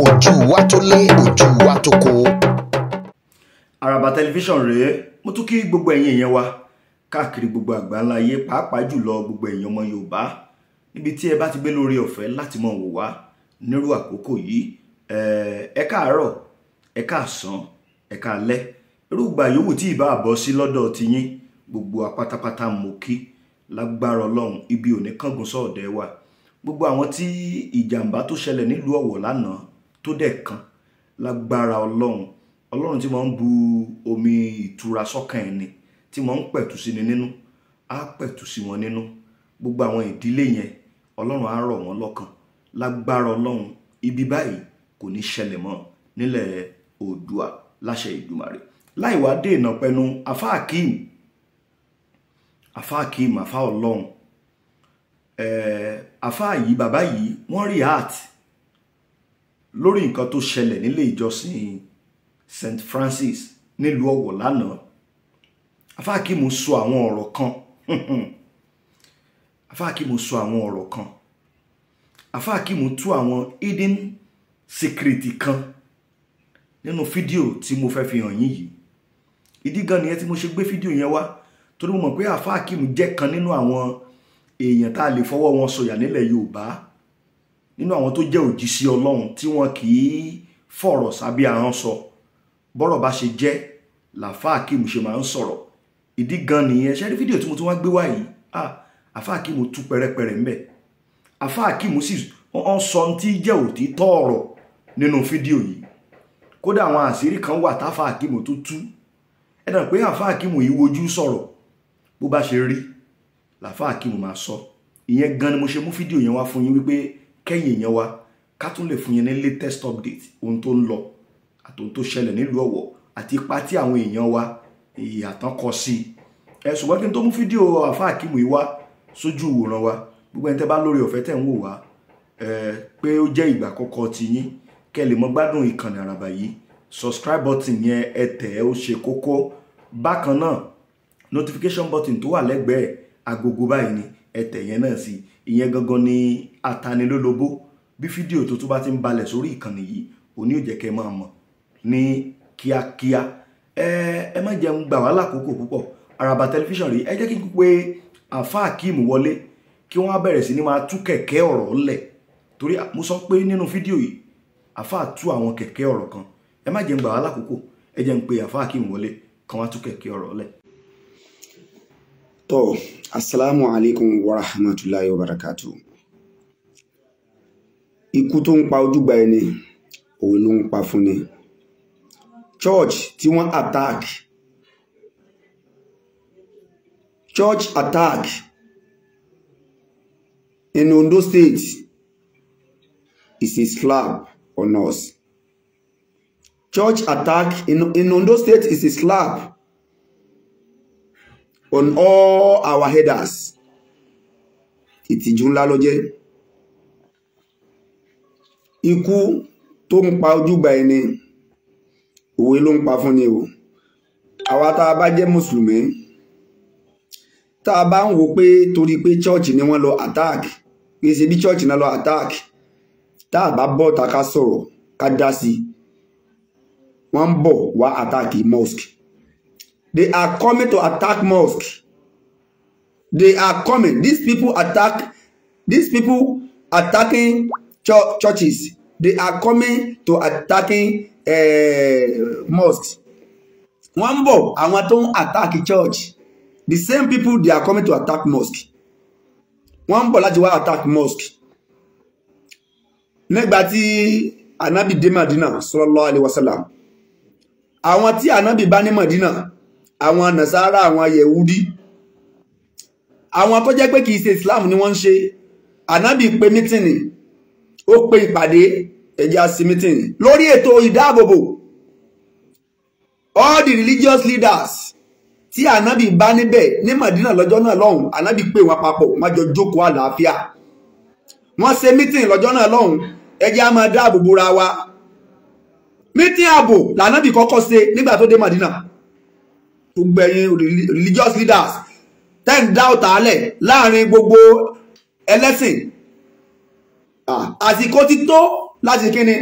ojú wa tó lé ojú wa tó kó. Àràbà tẹlifíṣàn rèé mo tún kí gbogbo ẹ̀yin èèyàn wa káàkiri gbogbo àgbáńlá ayé pàápàá jùlọ gbogbo èèyàn ọmọ Yorùbá níbi tí ẹ bá ti gbé lórí ọ̀fẹ́ láti mọ̀ wò wá nírú àkókò yìí eh, ẹ káàárọ̀ ẹ káàsán ẹ káalẹ́ irúgbà yòówù tí ìbá àbọ̀ sí lọ́dọ̀ tiyín gbogbo apátápátá mo kí lágbára ọlọ́run ibi òní kángun sọ̀dẹ̀ wa gbogbo àwọn tí ìjàmbá tó ṣẹlẹ̀ nílùú Ọ̀wọ̀ lánàá tó dẹ̀ kan lágbára ọlọ́run ọlọ́run tí mo ń bu omi ìtura sọ́kàn ẹni tí mo ń pẹ̀tù sí ni nínú á pẹ̀tù sí wọn nínú gbogbo àwọn ìdílé yẹn ọlọ́run á rọ̀ wọ́n lọ́kàn lágbára ọlọ́run ibi báyìí kò ní ṣẹlẹ̀ mọ́ nílẹ̀ oòdùà láṣẹ ìdùmarè láì wá dé ìnà pẹnu afá akeem afá akeem afá ọlọ́run afá yìí bàbá yìí wọ́n rí àti lórí nǹkan tó ṣẹlẹ̀ nílé ìjọsìn St Francis nílùú Ọ̀wọ̀ lánàá afáàkímù sọ àwọn ọ̀rọ̀ kan afáàkímù sọ àwọn ọ̀rọ̀ kan afáàkímù tú àwọn hidden secret kan nínú fídíò tí mo fẹ́ fi hàn yín yìí ìdí gan nìyẹn tí mo ṣe gbé fídíò yẹn wá torí mo mọ̀ pé afáàkímù jẹ́ kan nínú àwọn èèyàn tá a lè fọwọ́ wọn sọ̀yà nílẹ̀ Yorùbá nínú àwọn tó jẹ́ òjíṣẹ́ ọlọ́run tí wọ́n kì í fọ̀rọ̀ sábẹ́ ahọ́n sọ bọ́rọ̀ bá ṣe jẹ́ làfáà Akeem ṣe máa ń sọ̀rọ̀ ìdí gan nìyẹn ṣẹ́rí fídíò tí mo tún wá gbé wá yìí àfáà Akeem tú pẹ́rẹ́pẹ́rẹ́ ńbẹ̀ àfáà Akeem sì ń sọ ohun tí jẹ́ òtítọ́ ọ̀rọ̀ nínú fídíò yìí kódà àwọn àṣírí kan wà táfáà Akeem tó tú ẹ̀dàn pé àfáà Akeem yìí wojú sọ̀rọ̀ bó bá ṣe rí làfáà Akeem máa sọ ìyẹn gan ni mo ṣe mú fídíò yẹn wá fún yín wípé kẹ́yìn èèyàn wa ká tún lè fún yín ní latest update ohun tó ń lọ àtòhun tó ṣẹlẹ̀ nílùú Ọ̀wọ̀ àti ipa tí àwọn èèyàn wa ìyàtàn kọ sí i ẹ ṣùgbọ́n kí n tó mú fídíò àfa àkímù yìí wá sójú ìwòran wa gbogbo ẹni tẹ́ bá lórí ọ̀fẹ́ tẹ̀ ń wò wá pé ó jẹ́ ìgbà àkọ́kọ́ ti yín kẹ́ lè mọ gbádùn ìkànnì àràbà yìí subscribe button yẹn ẹ tẹ̀ ó ṣe kókó bákan náà notification button tó wà lẹ́gbẹ̀ẹ́ agogo báyìí ni ẹ tẹ̀ yẹn náà sí i ìyẹn gangan ni atanilólobó bí fídíò tó tún bá ti ń balẹ̀ sórí ìkànnì yìí òní ò jẹ́ kẹ́ máa mọ̀ ní kíákíá ẹ ẹ má jẹun gbà wá lákòókò púpọ̀ àràbà tẹlifíṣàn rí ẹ jẹ́ kí n pé àfáà kíìmù wọlé kí wọ́n á bẹ̀rẹ̀ sí ni máa tú kẹ̀kẹ́ ọ̀rọ̀ lẹ̀ torí mo sọ pé nínú fídíò yìí àfáà tú àwọn kẹ̀kẹ́ ọ̀rọ̀ kan ẹ má jẹun gbà wá lákòókò ẹ jẹ́ n pé àfáà kíìmù wọlé kan wá tú kẹ̀kẹ́ ọ̀rọ̀ lẹ̀ To, Assalamu alaikum wa rahmatullahi wa barakatuh. Ikú tó ń pa ojúgbà ẹni, òwe ló ń pa fún ni. Church tí wọ́n attack. Church attack in Ondo State is a slap on us. Church attack in, Ondo State is a slap on all our headers ìtìjú ńlá ló jẹ́ ikú tó ń pa ojúgbà ẹni òwe ló ń pa fún ni o àwa tá a bá jẹ́ mùsùlùmí tá a bá ń wò pé torí pé chọ́ọ̀chì ni wọ́n lọ attack pé ṣe bí chọ́ọ̀chì náà lọ attack tá a bá bọ́ ta ká sọ̀rọ̀ ká dá sí wọ́n ń bọ̀ wá attack mosque They are coming to attack mosque. They are coming. These people attack. These people attacking ch churches. They are coming to attacking uh, mosques. Wọ́n ń bọ̀ àwọn tó ń attack church. The same people they are coming to attack mosque. Wọ́n ń bọ̀ láti wá attack mosque. Nígbà tí Anabi dé Madina sallallahu alaihi wasallam. Àwọn tí Anabi bá ní Madina àwọn nàṣàrà àwọn yẹ̀wúdí àwọn tó jẹ́ pé kì ṣe islam ni wọ́n ń ṣe ànábì pé mítìnì ó pe ìpàdé ẹ̀já sí mítìnì lórí ètò ìdáàbòbò all the religious leaders tí anabi bá níbẹ̀ ní Madina lọ́jọ́ náà lọ́hùn ànábì pè wọ́n papọ̀ wọ́n jọ jókòó àlàáfíà wọ́n ṣe mítìnì lọ́jọ́ náà lọ́hùn ẹjẹ́ á máa dáàbòbò ra wa mítìnì ààbò lànábì kọ́kọ́ ṣe nígbà tó dé Madina gbogbo ẹ̀yin religious leaders tẹ́ ń dá ọ̀tá alẹ̀ láàrin gbogbo ẹlẹ́sìn àsìkò ti tó láti kíni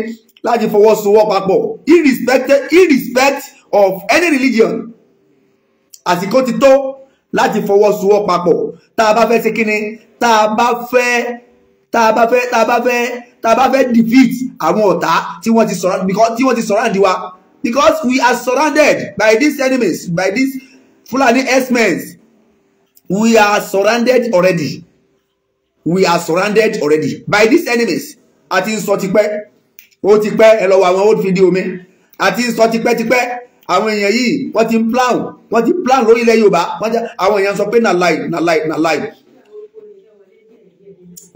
láti fọwọ́sowọ́papọ̀ irrespective irrespect of any religion àsìkò ti tó láti fọwọ́sowọ́papọ̀ tá a bá fẹ́ ṣe kíni tá a bá fẹ́ tá a bá fẹ́ tá a bá fẹ́ tá a bá fẹ́ defeat àwọn ọ̀tá tí wọ́n ti sọ̀rọ̀ because tí wọ́n ti sọ̀rọ̀ àdìwá because we are surrounded by these enemies by these Fulani herdsmen we are surrounded already we are surrounded already by these enemies àti ń sọ tipẹ́ ó ti ẹ lọ wọ àwọn old video mi àti ń sọ tipẹ́tipẹ́ àwọn èèyàn yìí wọ́n ti plan wọ́n ti plan lórí ilẹ̀ Yorùbá àwọn èèyàn sọ pé na lie na lie na lie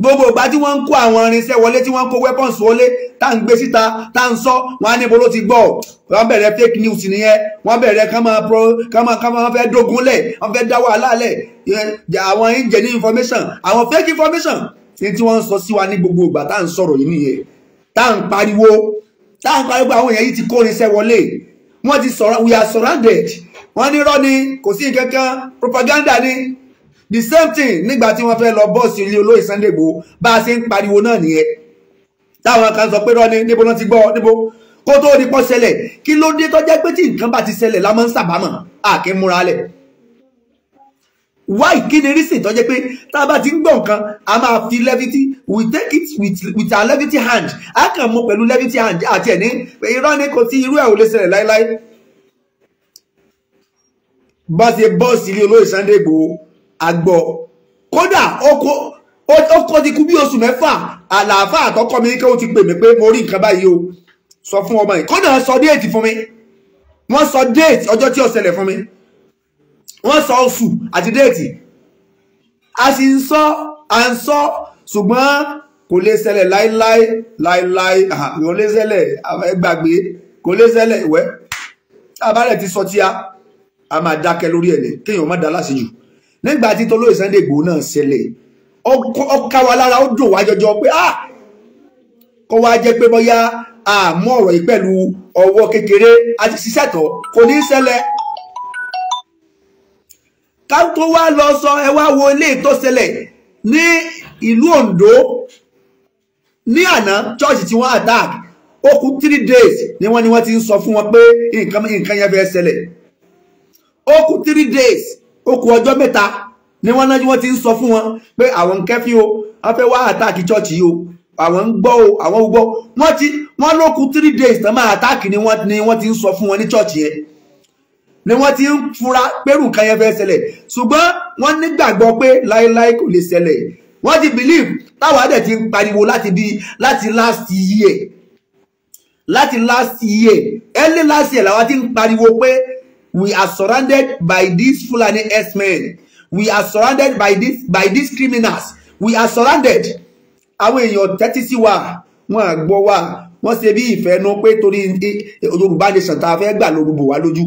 gbogbo ìgbà tí wọ́n ń kó àwọn irinṣẹ́ wọlé tí wọ́n ń kó weapons wọlé tá à ń gbé síta tá à ń sọ wọn á níbo ló ti gbọ́ wọ́n bẹ̀rẹ̀ fake news nìyẹn wọ́n bẹ̀rẹ̀ kán máa pro kán máa kán máa fẹ́ dógun lẹ̀ wọ́n dá wàhálà lẹ̀ àwọn engineer information àwọn fake information ní tí wọ́n ń sọ sí wa ní gbogbo ìgbà tá à ń sọ̀rọ̀ yìí nìyẹn tá à ń pariwo tá ń pariwo àwọn èèyàn yìí ti kó irinṣẹ́ wọlé wọ́n ti sọ̀rọ̀ we are surrounded wọ́n ní rọ́ ni kò sí nǹkan kan propaganda ni the same thing nígbà tí wọ́n fẹ́ lọ bọ́ọ̀sì ilé olóyè Sunday Igboho bá a ṣe ń pariwo náà nìyẹn táwọn kan sọ pé rọ́ọ̀ni níbo náà ti gbọ́ níbo kó tó di pọ́ ṣẹlẹ̀ kí ló dé tó jẹ́ pé tí nǹkan bá ti ṣẹlẹ̀ la máa ń sàbámọ̀ àkè múra lẹ̀ why kí ni reason tó jẹ́ pé tá a bá ti ń gbọ́ nǹkan a máa fi levity we take it with, with our levity hand a kàn mú pẹ̀lú levity hand àti ẹ̀ ní irọ́ ni kò sí irú ẹ̀ ò lè ṣẹlẹ̀ láéláé bá ṣe bọ́ọ̀sì ilé olóyè Sunday Igboho àgbọ̀ kódà ó oko ti kú bí oṣù mẹ́fà àlàáfà àtọ́kọ́ mi kí ó ti pè mí pé mo rí nǹkan báyìí o sọ fún ọmọ yìí kódà sọ déètì fún mi wọ́n sọ déètì ọjọ́ tí ó sele fún mi wọ́n sọ oṣù ati déètì a sì ń sọ à ń sọ ṣùgbọ́n kò lè ṣẹlẹ̀ láíláí láíláí kò lè ṣẹlẹ̀ gbàgbé kò lè ṣẹlẹ̀ ìwẹ́ tá a bá rẹ̀ ti a a máa dákẹ́ lórí ẹ̀ ní kéèyàn má dá nígbà tí tolóyè Sunday Igboho náà ṣẹlẹ̀ ó ká wa lára ó dùn wá jọjọ pé ah kó wá jẹ́ pé bóyá àmọ́ ọ̀rọ̀ yìí pẹ̀lú ọwọ́ kékeré àti ṣiṣẹ́ tọ̀ kò ní í ṣẹlẹ̀ ká tó wá lọ sọ ẹ wá wo ilé tó ṣẹlẹ̀ ní ìlú Ondo ní àná chọ́ọ̀ṣì tí wọ́n attack ó three days ni wọ́n ni wọ́n ti ń sọ fún wọn pé nǹkan yẹn fẹ́ ṣẹlẹ̀ ó three days Oku kù ọjọ́ mẹ́ta ni wọ́n náà wọ́n ti ń sọ fún wọn pé àwọn ń kẹ́fí o wọ́n fẹ́ wá àtàkì chọ́ọ̀chì o àwọn ń gbọ́ o àwọn ń gbọ́ wọ́n ti wọ́n ló three days tán máa àtàkì ni wọ́n ni wọ́n ti ń sọ fún wọn ní chọ́ọ̀chì yẹn ni wọ́n ti ń fura pẹ̀rù kan yẹn fẹ́ ṣẹlẹ̀ ṣùgbọ́n wọ́n nígbàgbọ́ pé láéláé kò lè ṣẹlẹ̀ wọ́n ti believe táwọn àdẹ̀ ti pariwo láti bí láti last year láti last year early last year làwọn ti ń pariwo pé We are surrounded by these Fulani herdsmen. We are surrounded by this by these criminals. We are surrounded. Àwọn èèyàn tẹ́tí sí wa, wọ́n á gbọ́ wa, wọ́n ṣe bí ìfẹ́ nu pé torí Yorùbá nation tá a fẹ́ gbà lóru bò wá lójú.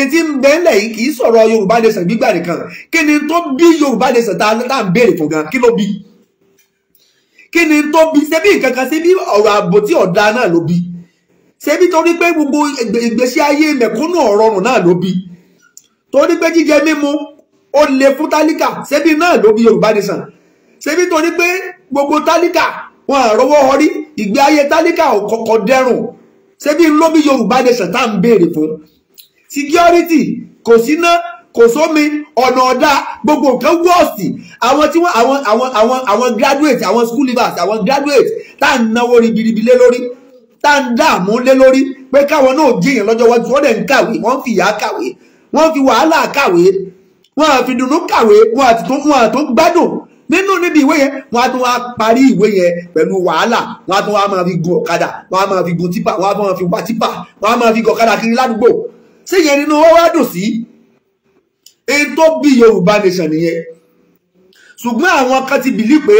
Etí ń bẹ́ ńlẹ̀ yìí kì í sọ̀rọ̀ Yorùbá nation gbígbà nìkan. Kí ni tó bí Yorùbá nation tá a ń béèrè fún gan? Kí ló bí? Kí ni tó bí? Ṣé bí nǹkan kan ṣe bí ọ̀rọ̀ ààbò tí ọ̀dà náà ló bí? ṣebí torí pé gbogbo ìgbésí ayé mẹ̀kúnnù ọ̀rọ̀rùn náà ló bí torí pé jíjẹ mímu ó le fún tálíkà ṣebí náà ló bí yorùbá nìsan ṣebí torí pé gbogbo tálíkà wọn àrọ́wọ́ ọrí ìgbé ayé tálíkà ò kọ̀kọ̀ dẹrùn ṣebí ló bí yorùbá nìsan tá à ń béèrè fún security kò síná kò sómi ọ̀nà ọ̀dà gbogbo nǹkan wọ́ọ̀sì àwọn tí wọ́n àwọn àwọn àwọn graduate àwọn school leavers àwọn graduate tá à ń náwó ribiribi lé lórí tá ń dààmú lé lórí pé káwọn náà jiyàn lọ́jọ́ iwájú wọ́n dẹ̀ ń kàwé wọ́n fi ìyà kàwé wọ́n fi wàhálà kàwé wọ́n àfi dùnnú kàwé wọ́n àti tó wọ́n àtó gbádùn nínú níbi ìwé yẹn wọ́n á tún wá parí ìwé yẹn pẹ̀lú wàhálà wọ́n á tún wá máa fi gun ọ̀kadà wọ́n á máa fi gun típà wọ́n á máa fi wá típà wọ́n á máa fi gun ọ̀kadà kiri ládùúgbò sí yẹn nínú wọ́n wá dùn sí èyí bí Yorùbá nation nìyẹn ṣùgbọ́n àwọn kan ti bìlí pé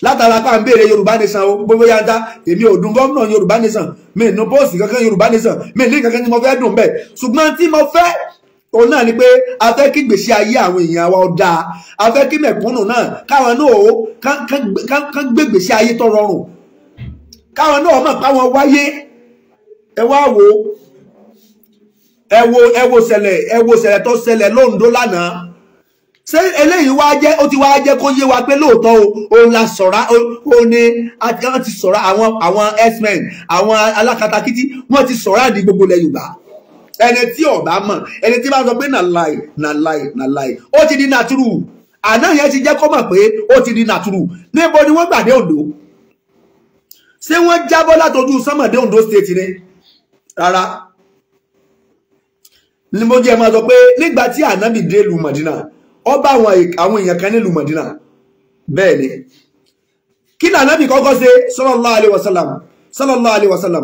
látara pa n béèrè yorùbá nation o gbogbo ya da èmi ò dùn gómìnà yorùbá nation mi ì nu bóòsì kankan yorùbá nation mi ì ní kankan tí mo fẹ́ dùn bẹ́ẹ̀ ṣùgbọ́n tí mo fẹ́ òun náà ni pé a fẹ́ kí gbèsè ayé àwọn èèyàn wa ọ̀dà a fẹ́ kí mẹ̀kúnnù náà káwọn náà ó kán gbé gbèsè ayé tó rọrùn káwọn náà mọ̀ káwọn wáyé ẹ wá wo ẹ wo ẹ wo ṣẹlẹ̀ ẹ wo ṣẹlẹ̀ tó ṣẹlẹ̀ lóńdó lánàá ṣé eléyìí wá jẹ́ ó ti wá jẹ́ kó yé wa pé lóòótọ́ o òun la sọ̀rá o ní wọ́n ti sọ̀rá àwọn àwọn x-men àwọn alákatakítí wọ́n ti sọ̀rá ní gbogbo ilẹ̀ Yorùbá ẹni tí ọba mọ̀ ẹni tí bá sọ pé nà láì nà láì nà láì ó ti di nàtúrù àná yẹn ti jẹ́ kó mọ̀ pé ó ti di nàtúrù níbo ni wọ́n gbàdé Ondo ṣé wọ́n jábọ́ látọjú sánmọ̀dé Ondo state ni rárá ni mo jẹ́ máa sọ pé nígbà tí ànábì dé lu Madina ọ bá àwọn èèyàn kan nílùú bẹ́ẹ̀ ni kí ni Anabi kọ́kọ́ ṣe sallallahu wasallam sallallahu alaihi wasallam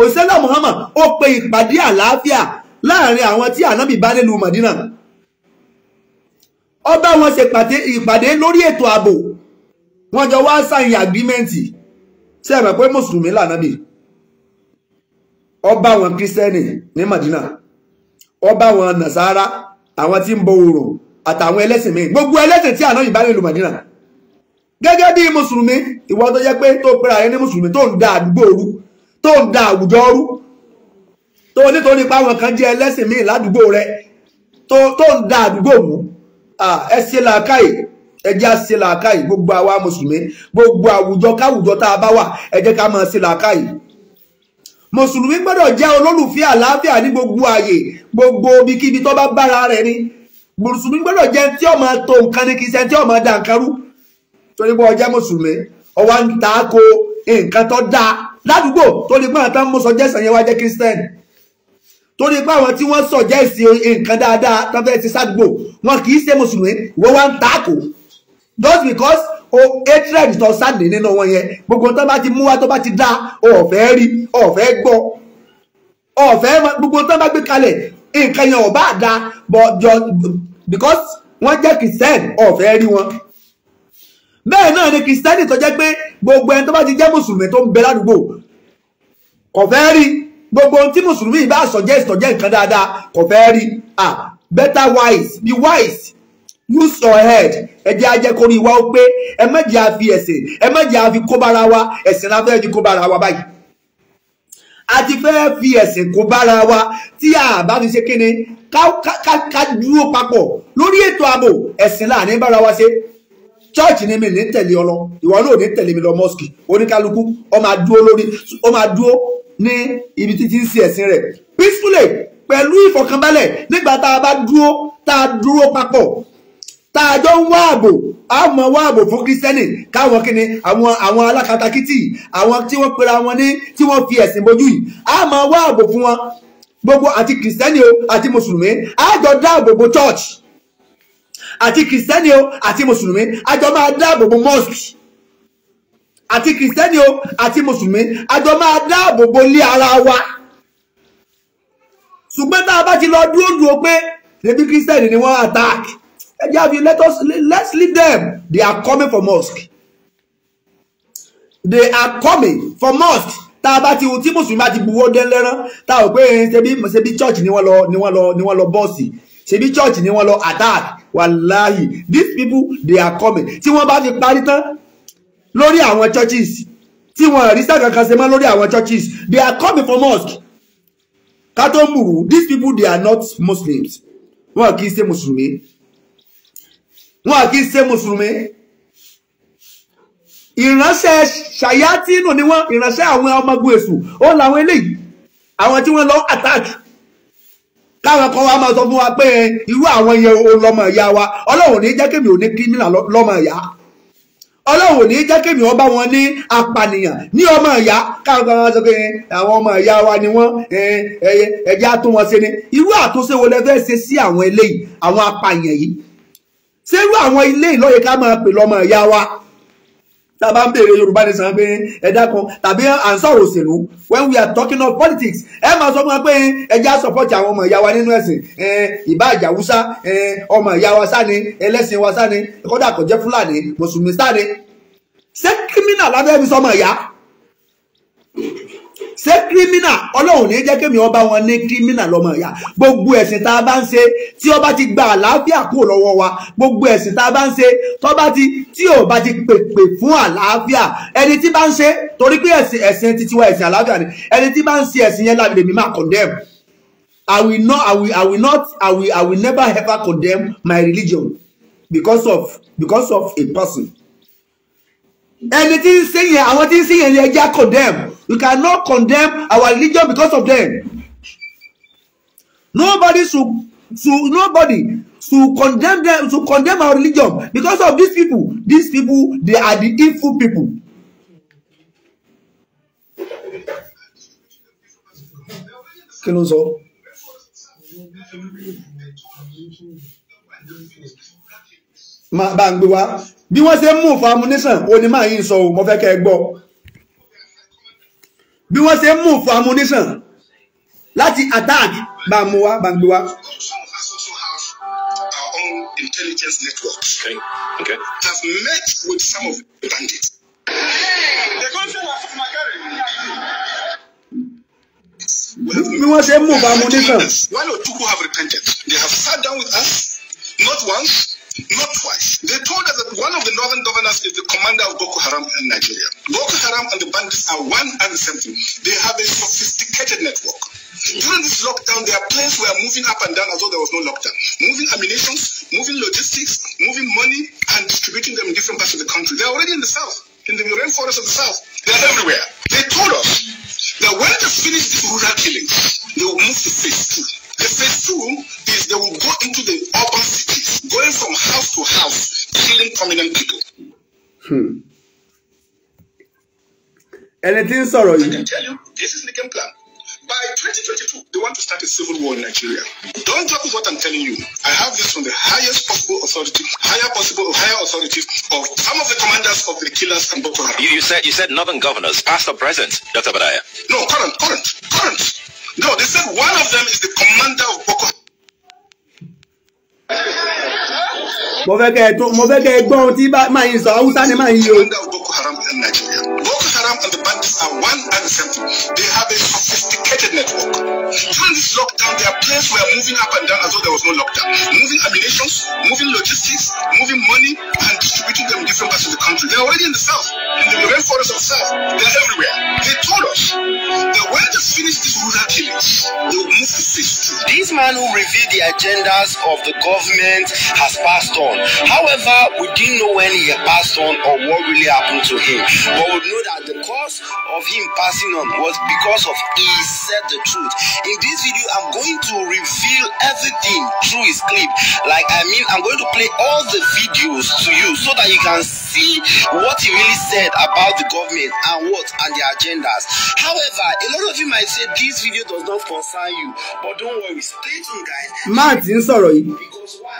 òṣèlú Muhammad ó pe ìpàdé àlàáfíà láàrin àwọn tí Anabi bá nílùú Madina. bá wọn ṣe ìpàdé lórí ètò ààbò wọ́n jọ wá àgbímẹ́ǹtì pé mùsùlùmí lànàbì àtàwọn ẹlẹ́sìn mi gbogbo ẹlẹ́sìn tí àná ìbálẹ̀ ìlú Màdínà gẹ́gẹ́ bí mùsùlùmí ìwọ tó jẹ́ pé tó pera ẹni mùsùlùmí tó ń da àdúgbò rú tó ń da àwùjọ rú tó nítorí pé àwọn kan jẹ́ ẹlẹ́sìn míì ládùúgbò rẹ tó ń da àdúgbò mú ẹ ṣe làákàyè ẹ jẹ́ àṣe làákàyè gbogbo àwa mùsùlùmí gbogbo àwùjọ káwùjọ tá a bá wà ẹ ká máa ṣe làákàyè mùsùlùmí gbọ́dọ̀ jẹ́ olólùfẹ́ àlàáfíà ní gbogbo ààyè gbogbo ibikíbi tó bá bára rẹ̀ ni mùsùlùmí gbọ́dọ̀ jẹ́ tí ọmọ tó nǹkan ní kì í tí ọmọ da nǹkan rú torí pé ọjẹ́ mùsùlùmí ọwọ́ ń ta ko nǹkan tó dáa ládùúgbò torí pé àwọn tá ń mú suggestion yẹn wá jẹ́ kírísítẹ́nì torí pé àwọn tí wọ́n suggest nǹkan dáadáa tó fẹ́ ṣe sádùúgbò wọn kì í ṣe mùsùlùmí wọ́n wá ń ta ko just because o hatred tó sáde nínú wọn yẹn gbogbo tó bá ti mú wá tó bá ti dá ọ̀fẹ́ rí ọ̀fẹ́ gbọ́ ọ̀fẹ́ gbogbo tó bá gbé kalẹ̀ nǹkan yẹn ò bá dáa bọ̀ because wọ́n jẹ́ kìrìsìtẹ́nì ọ̀fẹ́ rí wọn bẹ́ẹ̀ náà ni kìrìsìtẹ́nì tó jẹ́ pé gbogbo ẹni tó bá ti jẹ́ mùsùlùmí tó ń bẹ ládùúgbò kò fẹ́ rí gbogbo ohun tí mùsùlùmí bá suggest tó jẹ́ nǹkan dáadáa kò fẹ́ rí ah better wise be wise use your head ẹ jẹ́ ajẹ́ kórìí wa ó pé ẹ má jẹ́ àfi ẹ̀sìn ẹ má jẹ́ àfi kó bára wa ẹ̀sìn la fẹ́ fi wa báyìí a ti fẹ́ fi ẹ̀sìn kó bára wa tí a bá fi ṣe kíni ká dúró papọ̀ lórí ètò ààbò ẹ̀sìn láàrin bára wa ṣe church ni mi ní tẹ̀lé ọ lọ ìwọ náà ní tẹ̀lé mi lọ mosque oníkálukú ó máa lórí ó máa ní ibi títí ń ṣe ẹ̀sìn rẹ̀ peacefully pẹ̀lú ìfọ̀kànbalẹ̀ nígbà tá a bá dúró tá a dúró papọ̀ tá a jọ ń wá ààbò a mọ wá ààbò fún kírísítẹ́nì káwọn kíni àwọn àwọn alákatakítì àwọn tí wọ́n pera wọn ní tí wọ́n fi ẹ̀sìn bojú yìí a wá ààbò fún wọn gbogbo àti kìrìsìtẹ́nì o àti mùsùlùmí a jọ dáàbò bo church àti kìrìsìtẹ́nì o àti mùsùlùmí a jọ máa dáàbò bo mosque àti kìrìsìtẹ́nì o àti mùsùlùmí a jọ máa dáàbò bo ilé ara wa ṣùgbọ́n tá a bá ti lọ dúró dúró pé ṣebí kìrìsìtẹ́nì ni wọ́n attack ẹ jẹ́ àfi let us let's leave them they are coming for mosque they are coming for mosque tá a bá ti tí mùsùlùmí bá ti buwọ́ dé lẹ́rán tá a rò sebi eh, ṣebí church ni wọ́n lọ ni wọ́n lọ ni wọ́n lọ bọ́ọ̀sì ṣebí church ni wọ́n lọ attack wàláhì these people they are coming tí wọ́n bá ti parí tán lórí àwọn churches tí wọ́n rí sáà kankan ṣe mọ́ lórí àwọn churches they are coming for mosque kátó mùrù these people they are not muslims wọn kì í ṣe mùsùlùmí wọn kì í ṣe mùsùlùmí ìránṣẹ́ ṣàyátínù ni wọ́n ìránṣẹ́ àwọn ọmọgun èṣù ó làwọn eléyìí àwọn tí wọ́n lọ attack káwọn kan wá máa sọ fún wa pé irú àwọn yẹn o lọmọ ìyá wa ọlọ́run ní jẹ́ kémi ò ní kírímìnà lọmọ ìyá ọlọ́run ní jẹ́ kémi ọba wọn ní apànìyàn ní ọmọ ìyá káwọn kan wa sọ pé àwọn ọmọ ìyá wa ni wọ́n ẹ̀jẹ̀ àtúnwọ̀n ṣe ni irú àtúnṣe wo lẹ ṣe sí àwọn eléyìí àwọn apànìyàn yìí ṣerú àwọn ilé ìlọ́yẹ ká máa pè lọ́mọ ìyá wa tá a bá ń béèrè yorùbá ní sàn pé ẹ̀dá kan tàbí à ń sọ̀rọ̀ òṣèlú when we are talking of politics ẹ máa sọ fún wa pé ẹja support àwọn ọmọ ìyá wa nínú ẹ̀sìn ìbá àjà haúsá ọmọ ìyá wa sáni ẹlẹ́sìn wa sáni kódà kò jẹ́ fúlàní mùsùlùmí sáni ṣé kírímínà lábẹ́ fi sọmọ ìyá ṣé kírímínà ọlọ́run ní jẹ́ kémi ọba wọn ní kírímínà lọ́mọ ìyá gbogbo ẹ̀sìn tá a bá ń ṣe tí ọba ti gba àlàáfíà kúrò lọ́wọ́ wa gbogbo ẹ̀sìn tá a bá ń ṣe tọ́ba ti tí ò bá ti pèpè fún àlàáfíà ẹni tí bá ń ṣe torí pé ẹ̀sìn ẹ̀sìn titi wa ẹ̀sìn àlàáfíà ni ẹni tí bá ń ṣe ẹ̀sìn yẹn lábẹ́ mi máa condemn I will not I will I will not I will I will never ever condemn my religion because of because of a person ẹni tí ń ṣe yẹn àwọn tí ń ṣe condemn we cannot condemn our religion because of them nobody should should nobody should condemn them to condemn our religion because of these people these people they are the evil people. Can ló ń sọ. bang bá bí wọ́n ṣe mú fún amúnísàn òní máa yí sọ mo fẹ́ kẹ́ ẹ gbọ́ bí wọ́n ṣe mú fún láti attack bàmúwa bàmúwa. Intelligence networks okay. Okay. have met with some of the bandits. bí wọ́n ṣe mú fún amúnísàn. One or two who have repented they have sat down with us not once not twice. They told us that one of the northern governors is the commander of Boko Haram in Nigeria. Boko Haram and the bandits are one and the same thing. They have a sophisticated network. During this lockdown, their planes were moving up and down as though there was no lockdown, moving ammunition, moving logistics, moving money, and distributing them in different parts of the country. They're already in the south, in the rainforest of the south. They're everywhere. They told us that when they finish these rural killings, they will move to phase two. The phase two is they will go into the urban city going from house to house, killing prominent people. Hmm. Anything sorrow I can tell you, this is the game plan. By 2022, they want to start a civil war in Nigeria. Don't joke with what I'm telling you. I have this from the highest possible authority, higher possible, higher authorities of some of the commanders of the killers and Boko Haram. You, you said you said northern governors, past or present, Dr. Badaya. No, current, current, current. No, they said one of them is the commander of Boko Haram. mo fẹ́ kẹ́ ẹ gbọ́ ohun tí máa ń sọ haúsá ni máa ń yí o. and the bandits are one and the same thing. They have a sophisticated network. During this lockdown, their planes were moving up and down as though there was no lockdown. Moving ammunition, moving logistics, moving money, and distributing them in different parts of the country. They're already in the south, in the rainforest of the south. They're everywhere. They told us that when they finish this rural killings, they will move to phase two. This man who revealed the agendas of the government has passed on. However, we didn't know when he had passed on or what really happened to him. But we know that the Because of him passing on was because of he said the truth. In this video, I'm going to reveal everything through his clip. Like, I mean, I'm going to play all the videos to you so that you can see what he really said about the government and what and their agendas. However, a lot of you might say this video does not concern you, but don't worry, stay tuned, guys. Man, tí ń sọ̀rọ̀ yìí,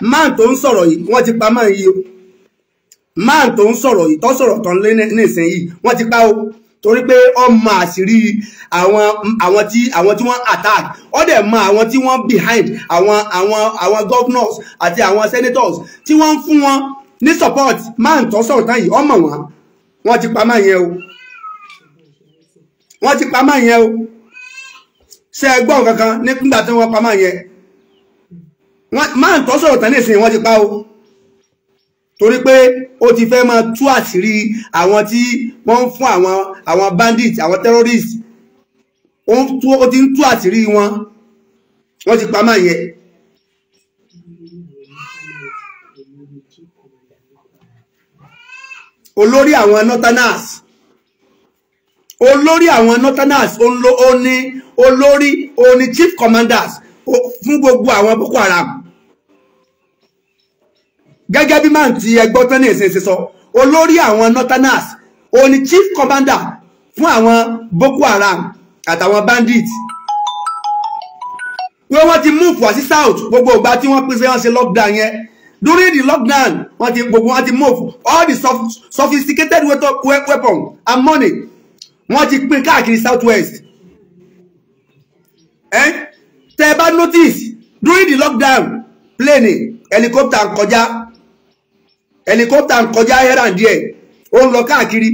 máà tó ń sọ̀rọ̀ máà tó ń sọ̀rọ̀ yìí tó sọ̀rọ̀ tán lé nísìnyí wọ́n ti pa o torí pé ọmọ àṣírí àwọn àwọn tí àwọn tí wọ́n attack ó dẹ̀ mọ àwọn tí wọ́n behind àwọn àwọn àwọn governors àti àwọn senators tí wọ́n ń fún wọn ní support máà tó sọ̀rọ̀ tán yìí ọmọ wọn wọ́n ti pa máa yẹn o wọ́n ti pa máa yẹn o ṣe é gbọ́ kankan nígbà tí wọ́n pa máa yẹn máà tó sọ̀rọ̀ tán nísìnyí wọ́n ti pa o torí pé ó ti fẹ́ máa tú àṣírí àwọn tí wọ́n ń fún àwọn àwọn bandits àwọn terrorists ó ti ń tú àṣírí wọn wọ́n ti pamọ́ yẹn. olórí àwọn northerners olórí àwọn northerners ó ní olórí ó ní chief commanders fún gbogbo àwọn Boko Haram gẹ́gẹ́ bí máa ń ti ẹgbọ́ tán ní ìsinsìn sọ olórí àwọn northerners òun chief commander fún àwọn boko haram àtàwọn bandits wọ́n wọ́n ti move wá sí south gbogbo ìgbà tí wọ́n pèsè wọ́n ṣe lockdown yẹn during the lockdown wọ́n ti gbogbo wọ́n ti move all the sof sophisticated weapon and money wọ́n ti pín káàkiri south west eh? tẹ́ ẹ bá notice during the lockdown plane helicopter kọjá ẹlikọ́pítà ń kọjá ẹran díẹ̀ ó ń lọ káàkiri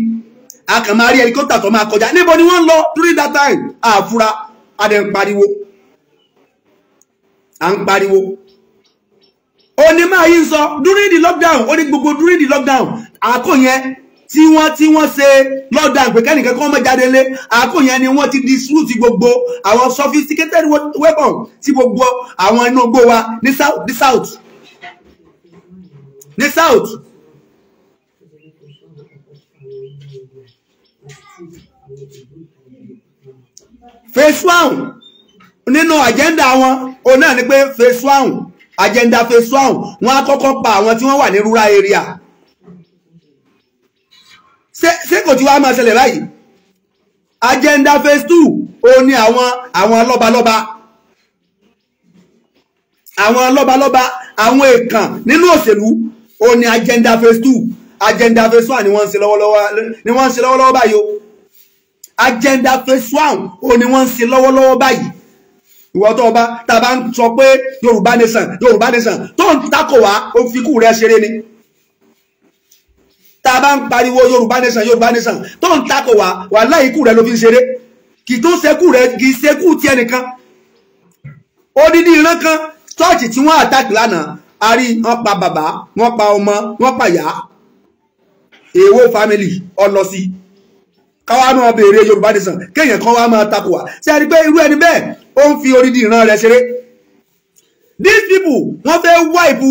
a kàn máa rí ẹlikọ́pítà tó máa kọjá níbo ni wọ́n ń lọ during that time àfura adẹ̀ ń pariwo à ń pariwo òní máa yí ń sọ during the lockdown ó ní gbogbo during the lockdown àkó yẹn tí wọ́n tí wọ́n ṣe lockdown pé kẹ́nìkan kọ́ mọ́ jáde lé àkó yẹn ni wọ́n ti disrupt gbogbo àwọn sophisticated weapon tí gbogbo àwọn inú gbó wa ní south ní south. phase one nínú agenda wọn òun náà ni pé phase one agenda phase one wọn á kọ́kọ́ pa àwọn tí wọ́n wà ní rural area ṣé kò tí wàá máa ṣẹlẹ̀ báyìí agenda phase two òun ni àwọn àwọn lọ́balọ́ba àwọn lọ́balọ́ba àwọn èèkàn nínú òṣèlú ó ní agenda phase two agenda phase one ni wọ́n ń ṣe lọ́wọ́lọ́wọ́ ni wọ́n ń ṣe lọ́wọ́lọ́wọ́ báyìí o agenda phase one ó ní wọ́n ń ṣe lọ́wọ́lọ́wọ́ báyìí ìwọ tó ọba tá a bá ń sọ pé Yorùbá nation Yorùbá nation tó ń takò wá ó fi kú rẹ ṣeré ni tá a bá ń pariwo Yorùbá nation Yorùbá nation tó ń takò wá wà láì ikú rẹ ló fi ń ṣeré kì tó ṣekú rẹ kì í ṣekú tiẹ̀ nìkan odidi ìran kan ṣọ́ọ̀ṣì a rí wọ́n pa bàbá wọ́n pa ọmọ wọ́n pa ìyá èèwọ̀ family ọlọ sí káwá máa béèrè yorùbá nation kéèyàn kan wá máa takò wá ṣe àrí pé irú ẹni bẹ́ẹ̀ ó ń fi orí di ìran rẹ̀ ṣeré these people wọ́n fẹ́ wá ìbú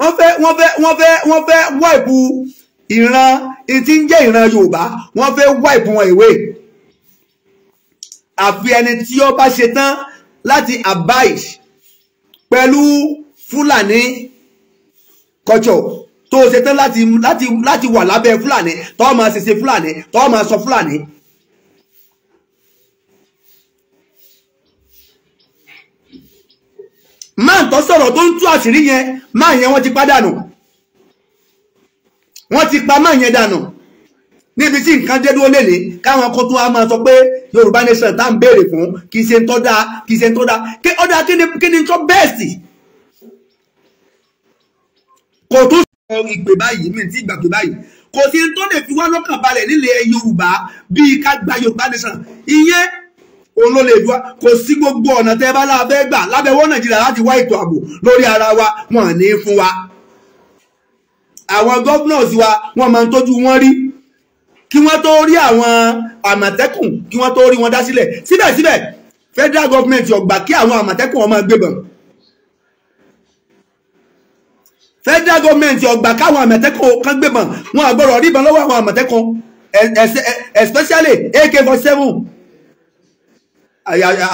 wọ́n fẹ́ wọ́n fẹ́ wọ́n fẹ́ wọ́n fẹ́ wá ìbú ìran tí ń jẹ́ ìran yorùbá wọ́n fẹ́ wá ìbú wọn ìwé àfi ẹni tí ó bá ṣe tán láti abide pẹ̀lú fúlàní culture tó ṣe tán láti láti láti wà lábẹ́ fúlàní tó máa ṣèṣe fúlàní tó máa sọ fúlàní. máa tó sọ̀rọ̀ tó ń tú àṣírí yẹn máa yẹn wọ́n ti pa dànù wọ́n ti pa máa yẹn dànù níbi tí nǹkan dé dúró lè ní káwọn kan tó wá máa sọ pé yorùbá nation tá à ń béèrè fún kì í ṣe ń tọ́ da kì í ṣe ń tọ́ da kí ọ̀dà kí ni tó bẹ́ẹ̀ sì kò tó sọ ìpè báyìí mi ti gbà pé báyìí kò sí tó lè fi wá lọ́kàn balẹ̀ nílẹ̀ yorùbá bíi ká gba yorùbá nation ìyẹn òun ló lè dúró kò sí gbogbo ọ̀nà tẹ́ bá lábẹ́ gbà lábẹ́wọ́ nàìjíríà láti wá ètò ààbò lórí ara wa wọn ní fún wa àwọn gọ́fúnọ̀sì wa wọn máa ń tọ́jú wọn rí kí wọ́n tó rí àwọn àmọ̀tẹ́kùn kí wọ́n tó rí wọn dá sílẹ̀ síbẹ̀síbẹ̀ federal government ò gbà kí àwọn àmọ̀tẹ́kùn ọmọ gbébọn federal government ò gbà káwọn àmọ̀tẹ́kùn kan gbébọn wọn ò gbọ́dọ̀ ríbọn lọ́wọ́ àwọn àmọ̀tẹ́kùn especially ak forty seven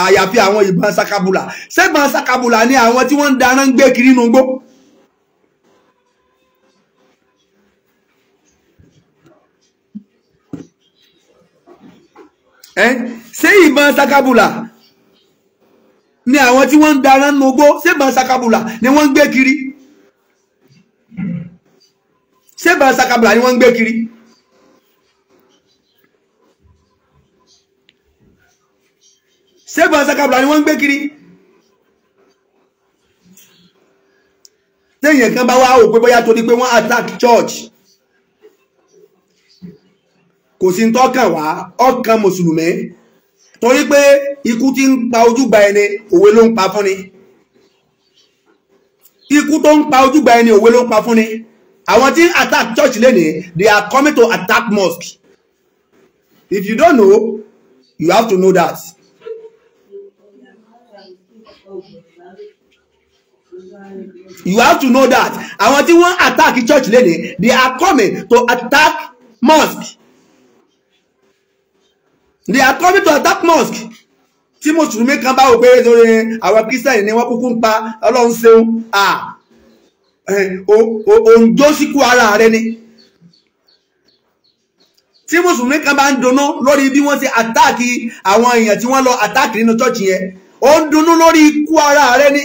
àyàfi àwọn ìbọn sakabula ṣẹ́gbọ̀n sakabula ni àwọn tí wọ́n ń darán gbé kiri nùgbó. No Eh? ṣé ìbọn sakabula ni àwọn tí wọ́n ń darán nogbó ṣé ìbọn sakabula ni wọ́n ń gbé kiri ṣé ìbọn sakabula ni wọ́n ń gbé kiri. ṣé ìbọn sakabula ni wọ́n ń gbé kiri. téèyàn kan bá wá wò pé bóyá torí pé wọ́n attack church kò sí tọ́kàn wá ọkàn mùsùlùmí torí pé ikú tí ń pa ojúgbà ẹni òwe ló ń pa fúnni ikú tó ń pa ojúgbà ẹni òwe ló ń pa fúnni àwọn tí attack church lénìí they are coming to attack mosque if you don't know you have to know that. you have to know that àwọn tí wọ́n attack church lénìí they are coming to attack mosque they are coming to attack mosque tí mùsùlùmí kan bá wò pé lórí àwọn kírísítẹ́nì ni wọ́n kúkú ń pa ọlọ́run ṣeun à òǹjó síkú ara rẹ ni tí mùsùlùmí kan bá ń dunnú lórí bí wọ́n ti àtáàkì àwọn èèyàn tí wọ́n lọ àtáàkì nínú chọ́ọ̀chì yẹn ó ń dunnú lórí ikú ara rẹ ni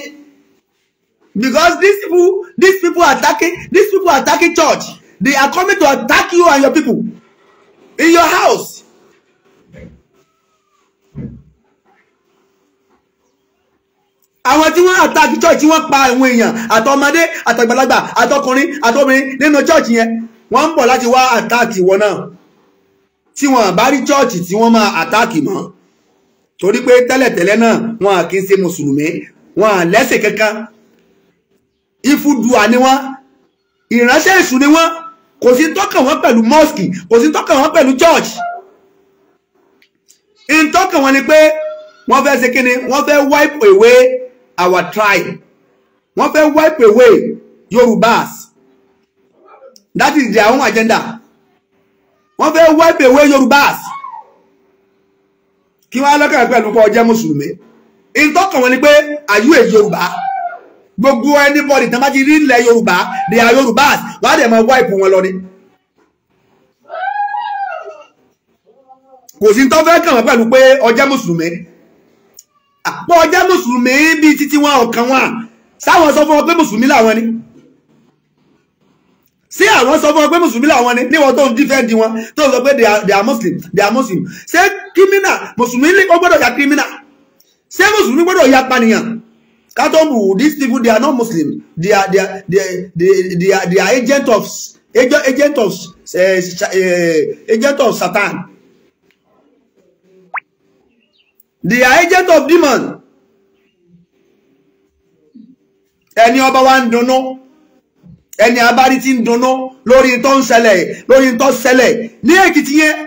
because these people these people attacking these people attacking church they are coming to attack you and your people in your house àwọn tí wọ́n attack church tí wọ́n pa àwọn èèyàn àtọmọdé àtàgbàlagbà àtọkùnrin àtọbìnrin nínú church yẹn wọ́n ń bọ̀ láti wá attack wọn náà tí wọ́n bá rí church tí wọ́n máa attack mọ́ torí pé tẹ́lẹ̀tẹ́lẹ̀ náà wọn à kì í ṣe mùsùlùmí wọn à lẹ́sẹ̀ kankan ifudua ni wọ́n ìránṣẹ́ èṣù ni wọ́n kò sí tọ́kàn wọn pẹ̀lú mosque kò sí tọ́kàn wọn pẹ̀lú church ìtọ́kàn wọn ni pé wọ́n fẹ́ ṣe kí ni wọ́n fẹ́ wipe away our tribe wọ́n fẹ́ wipe away yorubas that is their own agenda wọ́n fẹ́ wipe away yorubas kí wọ́n á lọ́kàn pẹ̀lú kọ́ jẹ́ mùsùlùmí ìtọ́kàn wọn ni pé are you a yorùbá gbogbo anybody tí wọ́n bá ti rí ilẹ̀ yorùbá they are yorubas wọ́n á dẹ̀ máa wipe wọn lọ ni. kò sí tó fẹ́ kàn wọ́n pẹ̀lú pé ọjẹ́ mùsùlùmí àpọ̀ ọjà mùsùlùmí bíi títí wọn ọ̀kan wọn sáwọn sọ fún ọ pé mùsùlùmí làwọn ni sí àwọn sọ fún ọ pé mùsùlùmí làwọn ni níwọ̀n tó ń dífẹ́ǹdì wọn tó sọ pé they are muslim they are muslim ṣé kírímínà mùsùlùmí ó gbọ́dọ̀ ya kírímínà ṣé mùsùlùmí gbọ́dọ̀ ya pànìyàn kátọ́mù these people they are not muslim they are they are they are they are, they are, agent of agent of eh, eh, agent of satan They are agent of demon. Ẹni ọba wa ń dunnú. Ẹni abárí ti ń dunnú lórí tó ń ṣẹlẹ̀ lórí tó ṣẹlẹ̀ ní Èkìtì yẹn.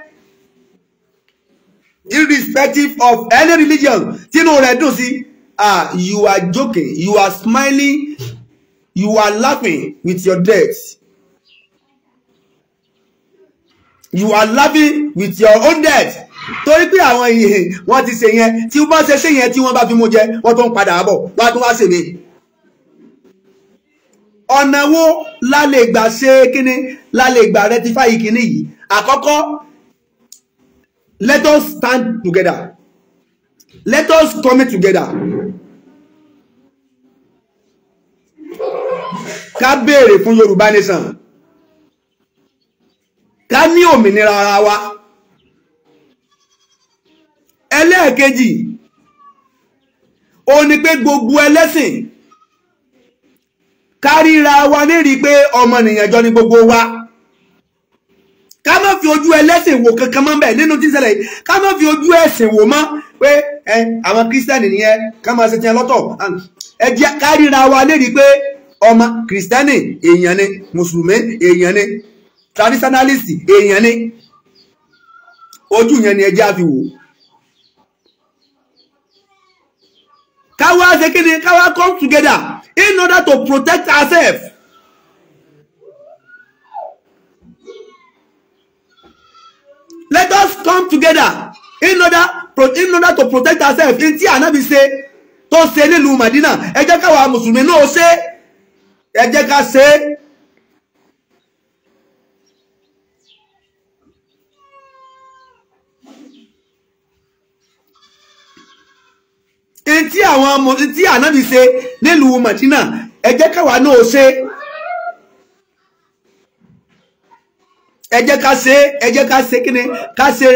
Irrespective of any religion tínú rẹ̀ dùn sí ah you are joking you are smiling you are laughing with your death. You are laughing with your own death torí pé àwọn èèyàn wọn ti ṣe yẹn tí wọ́n ṣe ṣe yẹn tí wọ́n bá fi mú jẹ wọ́n tó ń padà bọ̀ wọ́n á wá ṣe mí. ọ̀nà wo la lè ṣe kíni la lè gbà rectify kíni yìí àkọ́kọ́ let us stand together let us come together ká béèrè fún Yorùbá nation ká ní òmìnira ara wa ẹlẹ́ẹ̀kejì ó ní pé gbogbo ẹlẹ́sìn káríra wa nírìí pé ọmọnìyàn jọ ni gbogbo wa ká má fi ojú ẹlẹ́sìn wò kankan mọ́ bẹ́ẹ̀ nínú tí ń ṣẹlẹ̀ ká má fi ojú ẹ̀sìn wò mọ́ pé ẹ àwọn kírísítẹ́nì nìyẹn ká máa ṣe tiẹ̀ lọ́tọ̀ ẹ jẹ́ káríra wa nírìí pé ọmọ kírísítẹ́nì èèyàn ni mùsùlùmí èèyàn ni traditionalist èèyàn ni ojú yẹn ni ẹ jẹ́ àfi wò káwá ṣe kí ni káwá come together in order to protect ourselves. let us come together in order in order to protect ourselves in tí ànábi ṣe tó ṣe nílùú Madina ẹ jẹ́ káwa mùsùlùmí náà ṣe ẹ jẹ́ ká ṣe ntí àwọn ọmọ ntí ànábì ṣe nílùú Madina ẹ jẹ́ káwa náà ṣe ẹ jẹ́ ká ṣe ẹ jẹ́ ká ṣe kíni ká ṣe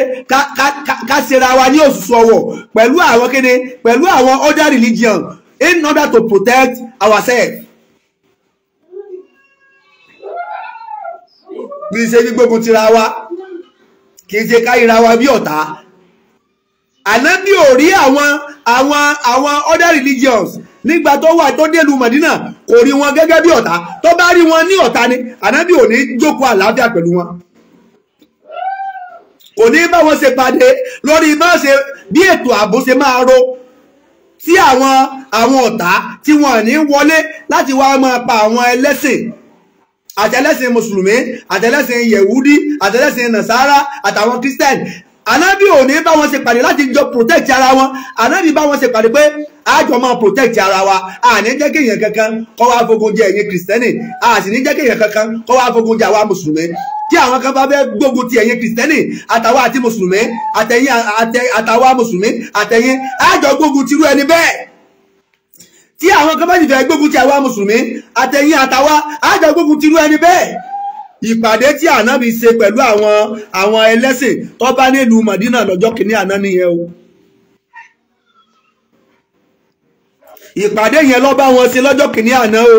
ká ṣera wa ní òṣùṣù ọwọ̀ pẹ̀lú àwọn kíni pẹ̀lú àwọn other religion in order to protect ourselves. kì í ṣe gbígbógun tira wa kì í ṣe ká ira wa bí ọ̀tá ànábì ò rí àwọn àwọn àwọn other religions nígbà tó wà tó délùú Mọ̀dínà kò rí wọn gẹ́gẹ́ bí ọ̀tá tó bá rí wọn ní ọ̀tá ni ànábì ò ní jókòó àlàáfíà pẹ̀lú wọn kò ní bá wọn ṣe pàdé lórí bá ṣe bí ètò ààbò ṣe máa ro tí àwọn àwọn ọ̀tá tí wọn ní wọlé láti wá máa pa àwọn ẹlẹ́sìn àtẹlẹ́sìn mùsùlùmí àtẹlẹ́sìn yẹ̀wúdí àtẹlẹ́sìn nàṣàrà àtàwọn kírísítẹ́nì ànábì ò ní bá wọn ṣe pàdé láti jọ protect ara wọn ànábì bá wọn ṣe pàdé pé àjọ máa protect ara wa àní jẹ́ kí èèyàn kankan kọ́ wá fogun jẹ ẹ̀yin kìrìsìtẹ́nì àti ní jẹ́ kí èèyàn kankan kọ́ wá fogun jẹ àwa mùsùlùmí tí àwọn kan bá fẹ́ gbógun ti ẹ̀yin kìrìsìtẹ́nì àtàwa àti mùsùlùmí àtẹ̀yìn àtàwa mùsùlùmí àtẹ̀yìn àjọ gbógun tirú ẹni bẹ́ẹ̀ tí àwọn kan bá sì fẹ́ gbógun ti àwa mùsùlùmí àtẹ̀yìn àtàwa àjọ gbógun tirú ẹni bẹ́ẹ̀ ìpàdé tí ànábì ṣe pẹ̀lú àwọn àwọn ẹlẹ́sìn tó bá nílùú Mọ̀dínà lọ́jọ́ kìíní àná nìyẹn o ìpàdé yẹn ló bá wọn ṣe lọ́jọ́ kìíní àná o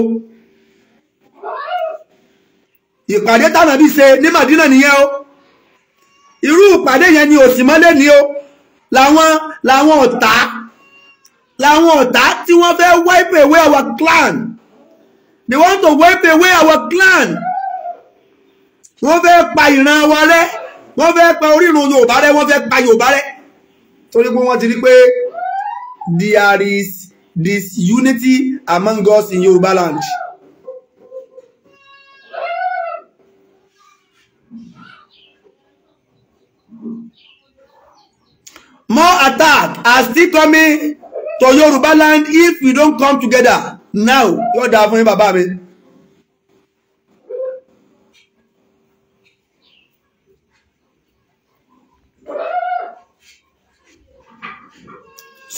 ìpàdé tànábì ṣe ní Mọ̀dínà nìyẹn o irú ìpàdé yẹn ni òsì mọ́lẹ̀ ni o làwọn làwọn ọ̀tá làwọn ọ̀tá tí wọ́n fẹ́ wipe away our clan they want to wipe away our clan wọ́n fẹ́ pa ìran wa rẹ́ wọ́n fẹ́ pa orírun yorùbá rẹ́ wọ́n fẹ́ pa yorùbá rẹ́ torí pé wọ́n ti rí pé there is this unity among us in yorùbá land. more attack are still coming to yorùbá land if we don come together now yóò dáa fún yín bàbá mi.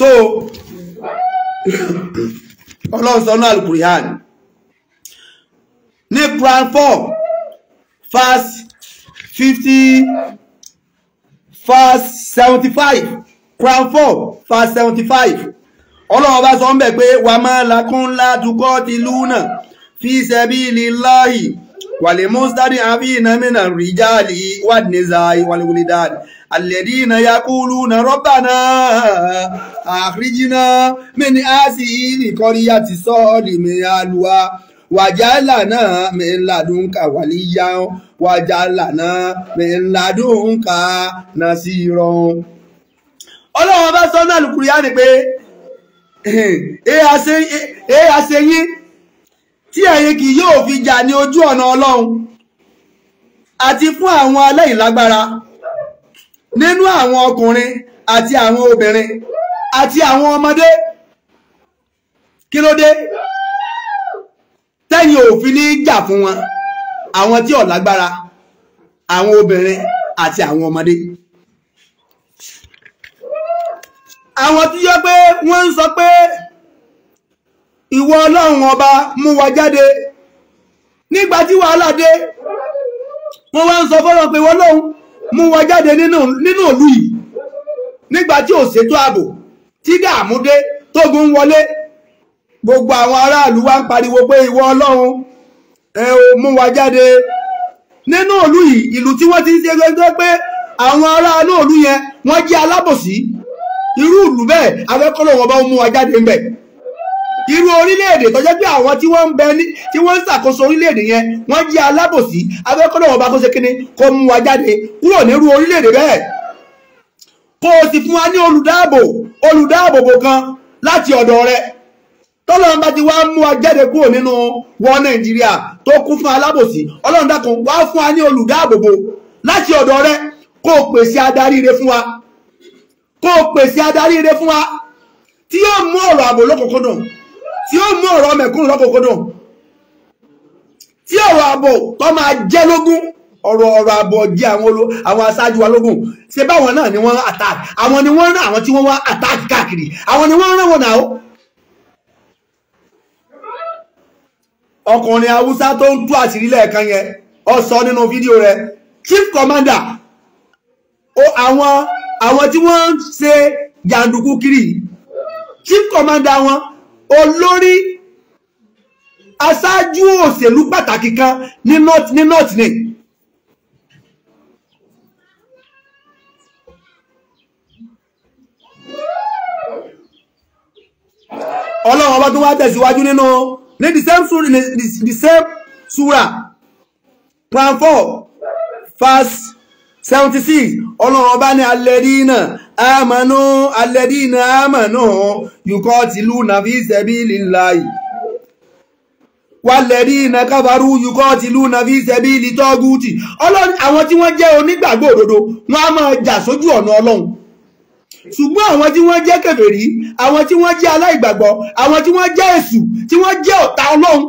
so ọlọ́run sọ náà alukur'an ní quran four verse fifty verse seventy five quran four verse seventy five ọlọ́run bá sọ ń bẹ̀ pé wà máa lakún ládùúkọ́ ti lúnà fi sẹ́bílì láàyè wàlẹ̀ mọ́sítárì àfi ìnámínà rìjáàlì wàdìníṣà ìwàlẹ̀wòlẹ̀dáàdì. الذين يقولون ربنا أخرجنا من هذه القرية الظالم أهلها وجعلنا من لدنك وليا وجعلنا من لدنك نصيرا ọlọ́run bá sọ náà lùkùrìyà ni pé èé àṣeyín tí ẹ̀yin kì yóò fi jà ní ojú ọ̀nà ọlọ́run àti fún àwọn aláìlágbára nínú àwọn ọkùnrin àti àwọn obìnrin àti àwọn ọmọdé kí ló dé tẹ́yìn òfin ní jà fún wọn àwọn tí ò lágbára àwọn obìnrin àti àwọn ọmọdé àwọn tí yọ pé wọ́n ń sọ pé ìwọ ọlọ́run ọba mú wa jáde nígbà tí wàhálà dé wọ́n wá ń sọ fọ́nà pé wọ́n lóhun mú wọn jáde nínú nínú ìlú yìí nígbà tí ò ṣètò ààbò tí dààmú dé tógun wọlé gbogbo àwọn aráàlú wa ń pariwo pé ìwọ ọlọ́run ẹ ò mú wa jáde nínú ìlú yìí ìlú tí wọ́n ti ń ṣe gbẹgbẹ́ pé àwọn aráàlú ìlú yẹn wọ́n jẹ́ alábòsí irú ìlú bẹ́ẹ̀ abẹ́kọ́lọ́ wọn bá mú wa jáde ń bẹ̀ irú orílẹ̀-èdè tó jẹ́ pé àwọn tí wọ́n ń bẹ ní tí wọ́n ń ṣàkóso orílẹ̀-èdè yẹn wọ́n jẹ́ alábòsí abẹ́kọ́lọ́ wọn bá kó ṣe kíni kó mú wa jáde kúrò nírú orílẹ̀-èdè bẹ́ẹ̀ kó o sì fún wa ní olùdáàbò olùdáàbòbò kan láti ọ̀dọ̀ rẹ̀ tọ́lọ́run bá ti wá mú wa jáde kúrò nínú wọn nàìjíríà tó kún fún alábòsí ọlọ́run dákun wá fún wa ní olùdáàbòbò láti ọ̀dọ̀ rẹ̀ kó o pèsè adarí ire fún wa kó o pèsè adarí ire fún wa tí yóò mú ọ̀rọ̀ ààbò lọ́kùnkúndùn tí ó mú ọ̀rọ̀ mẹ̀kúnnù lọ́kòókòdùn tí ọ̀rọ̀ ààbò tó máa jẹ́ lógún ọ̀rọ̀ ọ̀rọ̀ ààbò jẹ́ àwọn àwọn aṣáájú wa lógún ṣe báwọn náà ni wọ́n attack àwọn ni wọ́n rán àwọn tí wọ́n wá attack káàkiri àwọn ni wọ́n rán wọn náà ọkùnrin haúsá tó ń tú àṣírí lẹ́ẹ̀kan yẹn ó sọ nínú fídíò rẹ̀ chief commander àwọn àwọn tí wọ́n ń ṣe jàǹdùkú kiri chief commander wọn olórí aṣáájú òṣèlú pàtàkì kan ní north ní north ni. ọlọ́run ọba tó wá tẹ̀síwájú nínú ní the same sura the same sura plan four verse seventy six ọlọ́run ọba ní alẹ́ rí náà. amanu alẹ́dínà amanu yukọ́ tìlú nàfi sabilillahi wàlẹ̀rí na kábàrú yukọ́ ti lú na fi ṣẹbí ilé tọ́gùtì ọlọ́run àwọn tí wọ́n jẹ́ onígbàgbọ́ òdodo wọ́n á máa jà sójú ọ̀nà ọlọ́run ṣùgbọ́n àwọn tí wọ́n jẹ́ kèfèrí àwọn tí wọ́n jẹ́ aláìgbàgbọ́ àwọn tí wọ́n jẹ́ èṣù tí wọ́n jẹ́ ọ̀tá ọlọ́run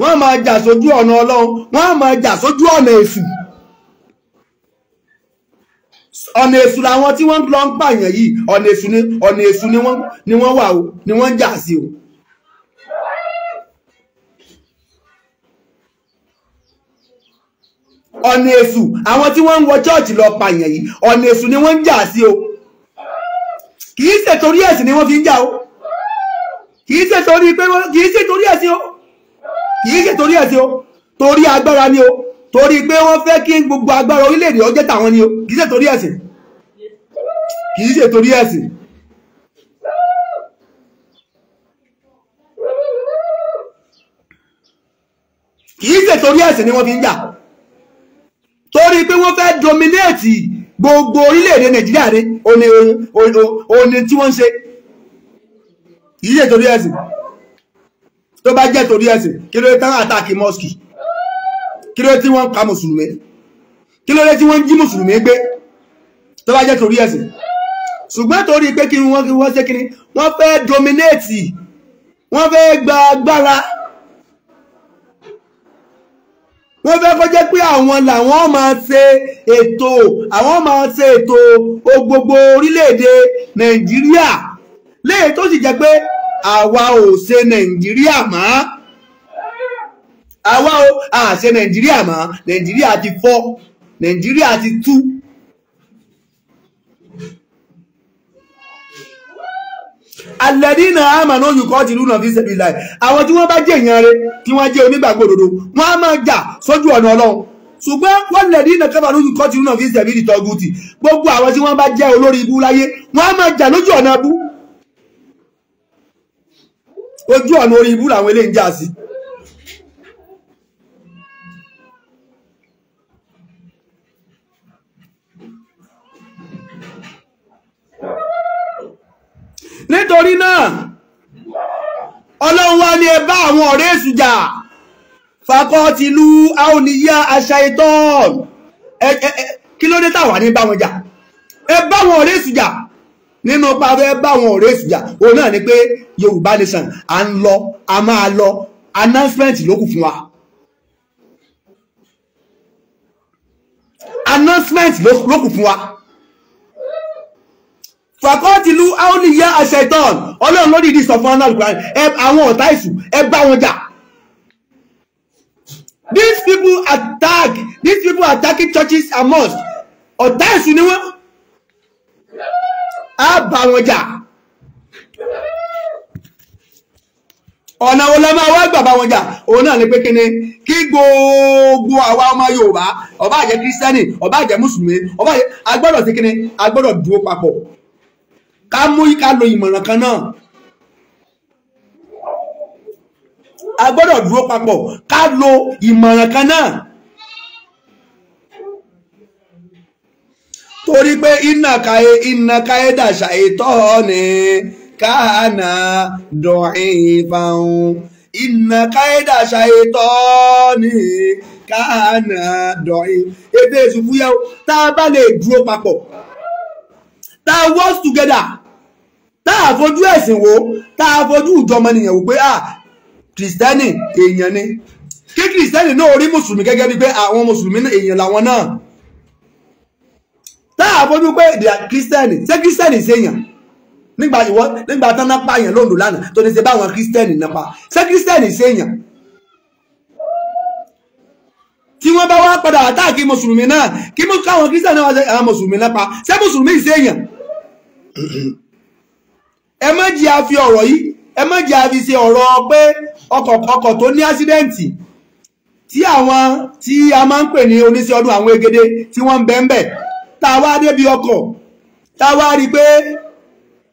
wọ́n máa jà sójú ọ̀nà ọlọ́run wọ́n máa jà sójú ọ̀nà èṣù ọ̀nà èṣù làwọn tí wọ́n lọ ń pààyàn yìí ọ̀nà èṣù ni ọ̀nà èṣù ni wọ́n ni wọ́n wà o ni wọ́n jà sí o. ọ̀nà èṣù àwọn tí wọ́n ń wọ chọ́ọ̀chì lọ pààyàn yìí ọ̀nà èṣù ni wọ́n ń jà sí o kì í ṣètòrí ẹ̀sìn ni wọ́n fi ń jà o kì í ṣètòrí pé kì í ṣètòrí ẹ̀sìn o kì í ṣètòrí ẹ̀sìn o torí agbára ni o torí pé wọ́n fẹ́ kí gbogbo agbára orílẹ̀-èdè ọjọ́ tàwọn ni o kì í ṣètòrí ẹ̀sìn kì í ṣe torí ẹ̀sìn. kì í ṣe torí ẹ̀sìn ni wọ́n fi ń jà torí pé wọ́n fẹ́ dominate gbogbo orílẹ̀-èdè nàìjíríà ni òní òní tí wọ́n ń ṣe kì í ṣe torí ẹ̀sìn tó bá jẹ́ torí ẹ̀sìn kí ló dé tán àtàkì mọ́sùkì kí ló dé tí wọ́n pa mùsùlùmí kí ló dé tí wọ́n jí mùsùlùmí gbé tó bá jẹ́ torí ẹ̀sìn ṣùgbọ́n torí pé kí wọ́n wọ́n ṣe kíni wọ́n fẹ́ dominate wọ́n fẹ́ gba agbára wọ́n fẹ́ kó jẹ́ pé àwọn làwọn máa ṣe ètò àwọn máa ṣe ètò gbogbo orílẹ̀-èdè nàìjíríà léyìí tó sì jẹ́ pé àwa ò ṣe nàìjíríà mọ́ àwa ò àṣe nàìjíríà mọ́ nàìjíríà ti fọ́ nàìjíríà ti tú. alẹ́dínà àmàna olùkọ́ ti lúnà fi ṣẹbi láì àwọn tí wọ́n bá jẹ́ èèyàn rẹ tí wọ́n jẹ́ onígbàgbọ́ òdodo wọ́n á máa jà sójú ọ̀nà ọlọ́run ṣùgbọ́n wọ́n lẹ́dínà kábàánù olùkọ́ ti lúnà fi ṣẹbi ìtọ́gùtì gbogbo àwọn tí wọ́n bá jẹ́ olórí ibú láyé wọ́n á máa jà lójú ọ̀nà abú ojú ọ̀nà orí ibú làwọn eléyìí ń jà sí. lè bá àwọn ọ̀rẹ́ èṣù jà fakọ́ọ̀tì lu aoníyá aṣáyétọ́ọ̀n kí ló dé táwa ní bá wọn jà ẹ bá àwọn ọ̀rẹ́ èṣù jà nínú pàrọ̀ ẹ bá àwọn ọ̀rẹ́ èṣù jà òun náà ni pé Yorùbá nation à ń lọ a máa lọ announcement ló kù fún wa. announcement ló kù fún wa fàkọ́tìlú aoliya aṣetán ọlọ́run lórí ìdí sọ fún àwọn ọ̀tá ìsù ẹ bá wọn jà. these people attack these people attacking churches and mosques ọ̀tá ìsù ni wọ́n á bá wọn jà. ọ̀nà wo la máa wá gbà bá wọn jà òun náà ni pé kí ni kí gbogbo àwa ọmọ Yorùbá ọba àjẹ́ kírísítẹ́nì ọba àjẹ́ mùsùlùmí ọba àjẹ́ agbọ́dọ̀ sí agbọ́dọ̀ dúró papọ̀ ká mú ká lo ìmọ̀ràn kan náà a gbọ́dọ̀ dúró papọ̀ ká lo ìmọ̀ràn kan náà torí pé iná kaye dàṣà ètò ọ̀nì káànà dọ̀hìn fáwọn iná dàṣà ètò ọ̀nì káànà dọ̀hìn ebè èsùfúyẹ́ tá a bá lè dúró papọ̀ tá a work together tá a fojú ẹ̀sìn wo tá a fojú ìjọmọnìyàn wò pé ah kìrìsìtẹ́nì èèyàn ni kí kìrìsìtẹ́nì náà rí mùsùlùmí gẹ́gẹ́ bíi pé àwọn mùsùlùmí èèyàn làwọn náà tá a fojú pé kìrìsìtẹ́nì ṣé kìrìsìtẹ́nì ṣèyàn nígbà ìwọ nígbà tán náà pààyàn lóńdó lánàá tó ní ṣe báwọn kìrìsìtẹ́nì náà pa ṣé kìrìsìtẹ́nì ṣèyàn tí wọ́n bá wá padà àtàkì mùsùlùmí náà kí káwọn kìrìsìtẹ́nì náà wá ṣe àwọn mùsùlùmí náà pa ṣé mùsùlùmí ṣèyàn ẹ má jẹ́ a fi ọ̀rọ̀ yìí ẹ má jẹ́ a fi ṣe ọ̀rọ̀ pé ọkọ̀ tó ní ásídẹ́ǹtì tí àwọn tí a máa ń pè ní oníṣẹ́ ọdún àwọn egede tí wọ́n ń bẹ́ ń bẹ̀ tá a wá débi ọkọ̀ tá a wá rí i pé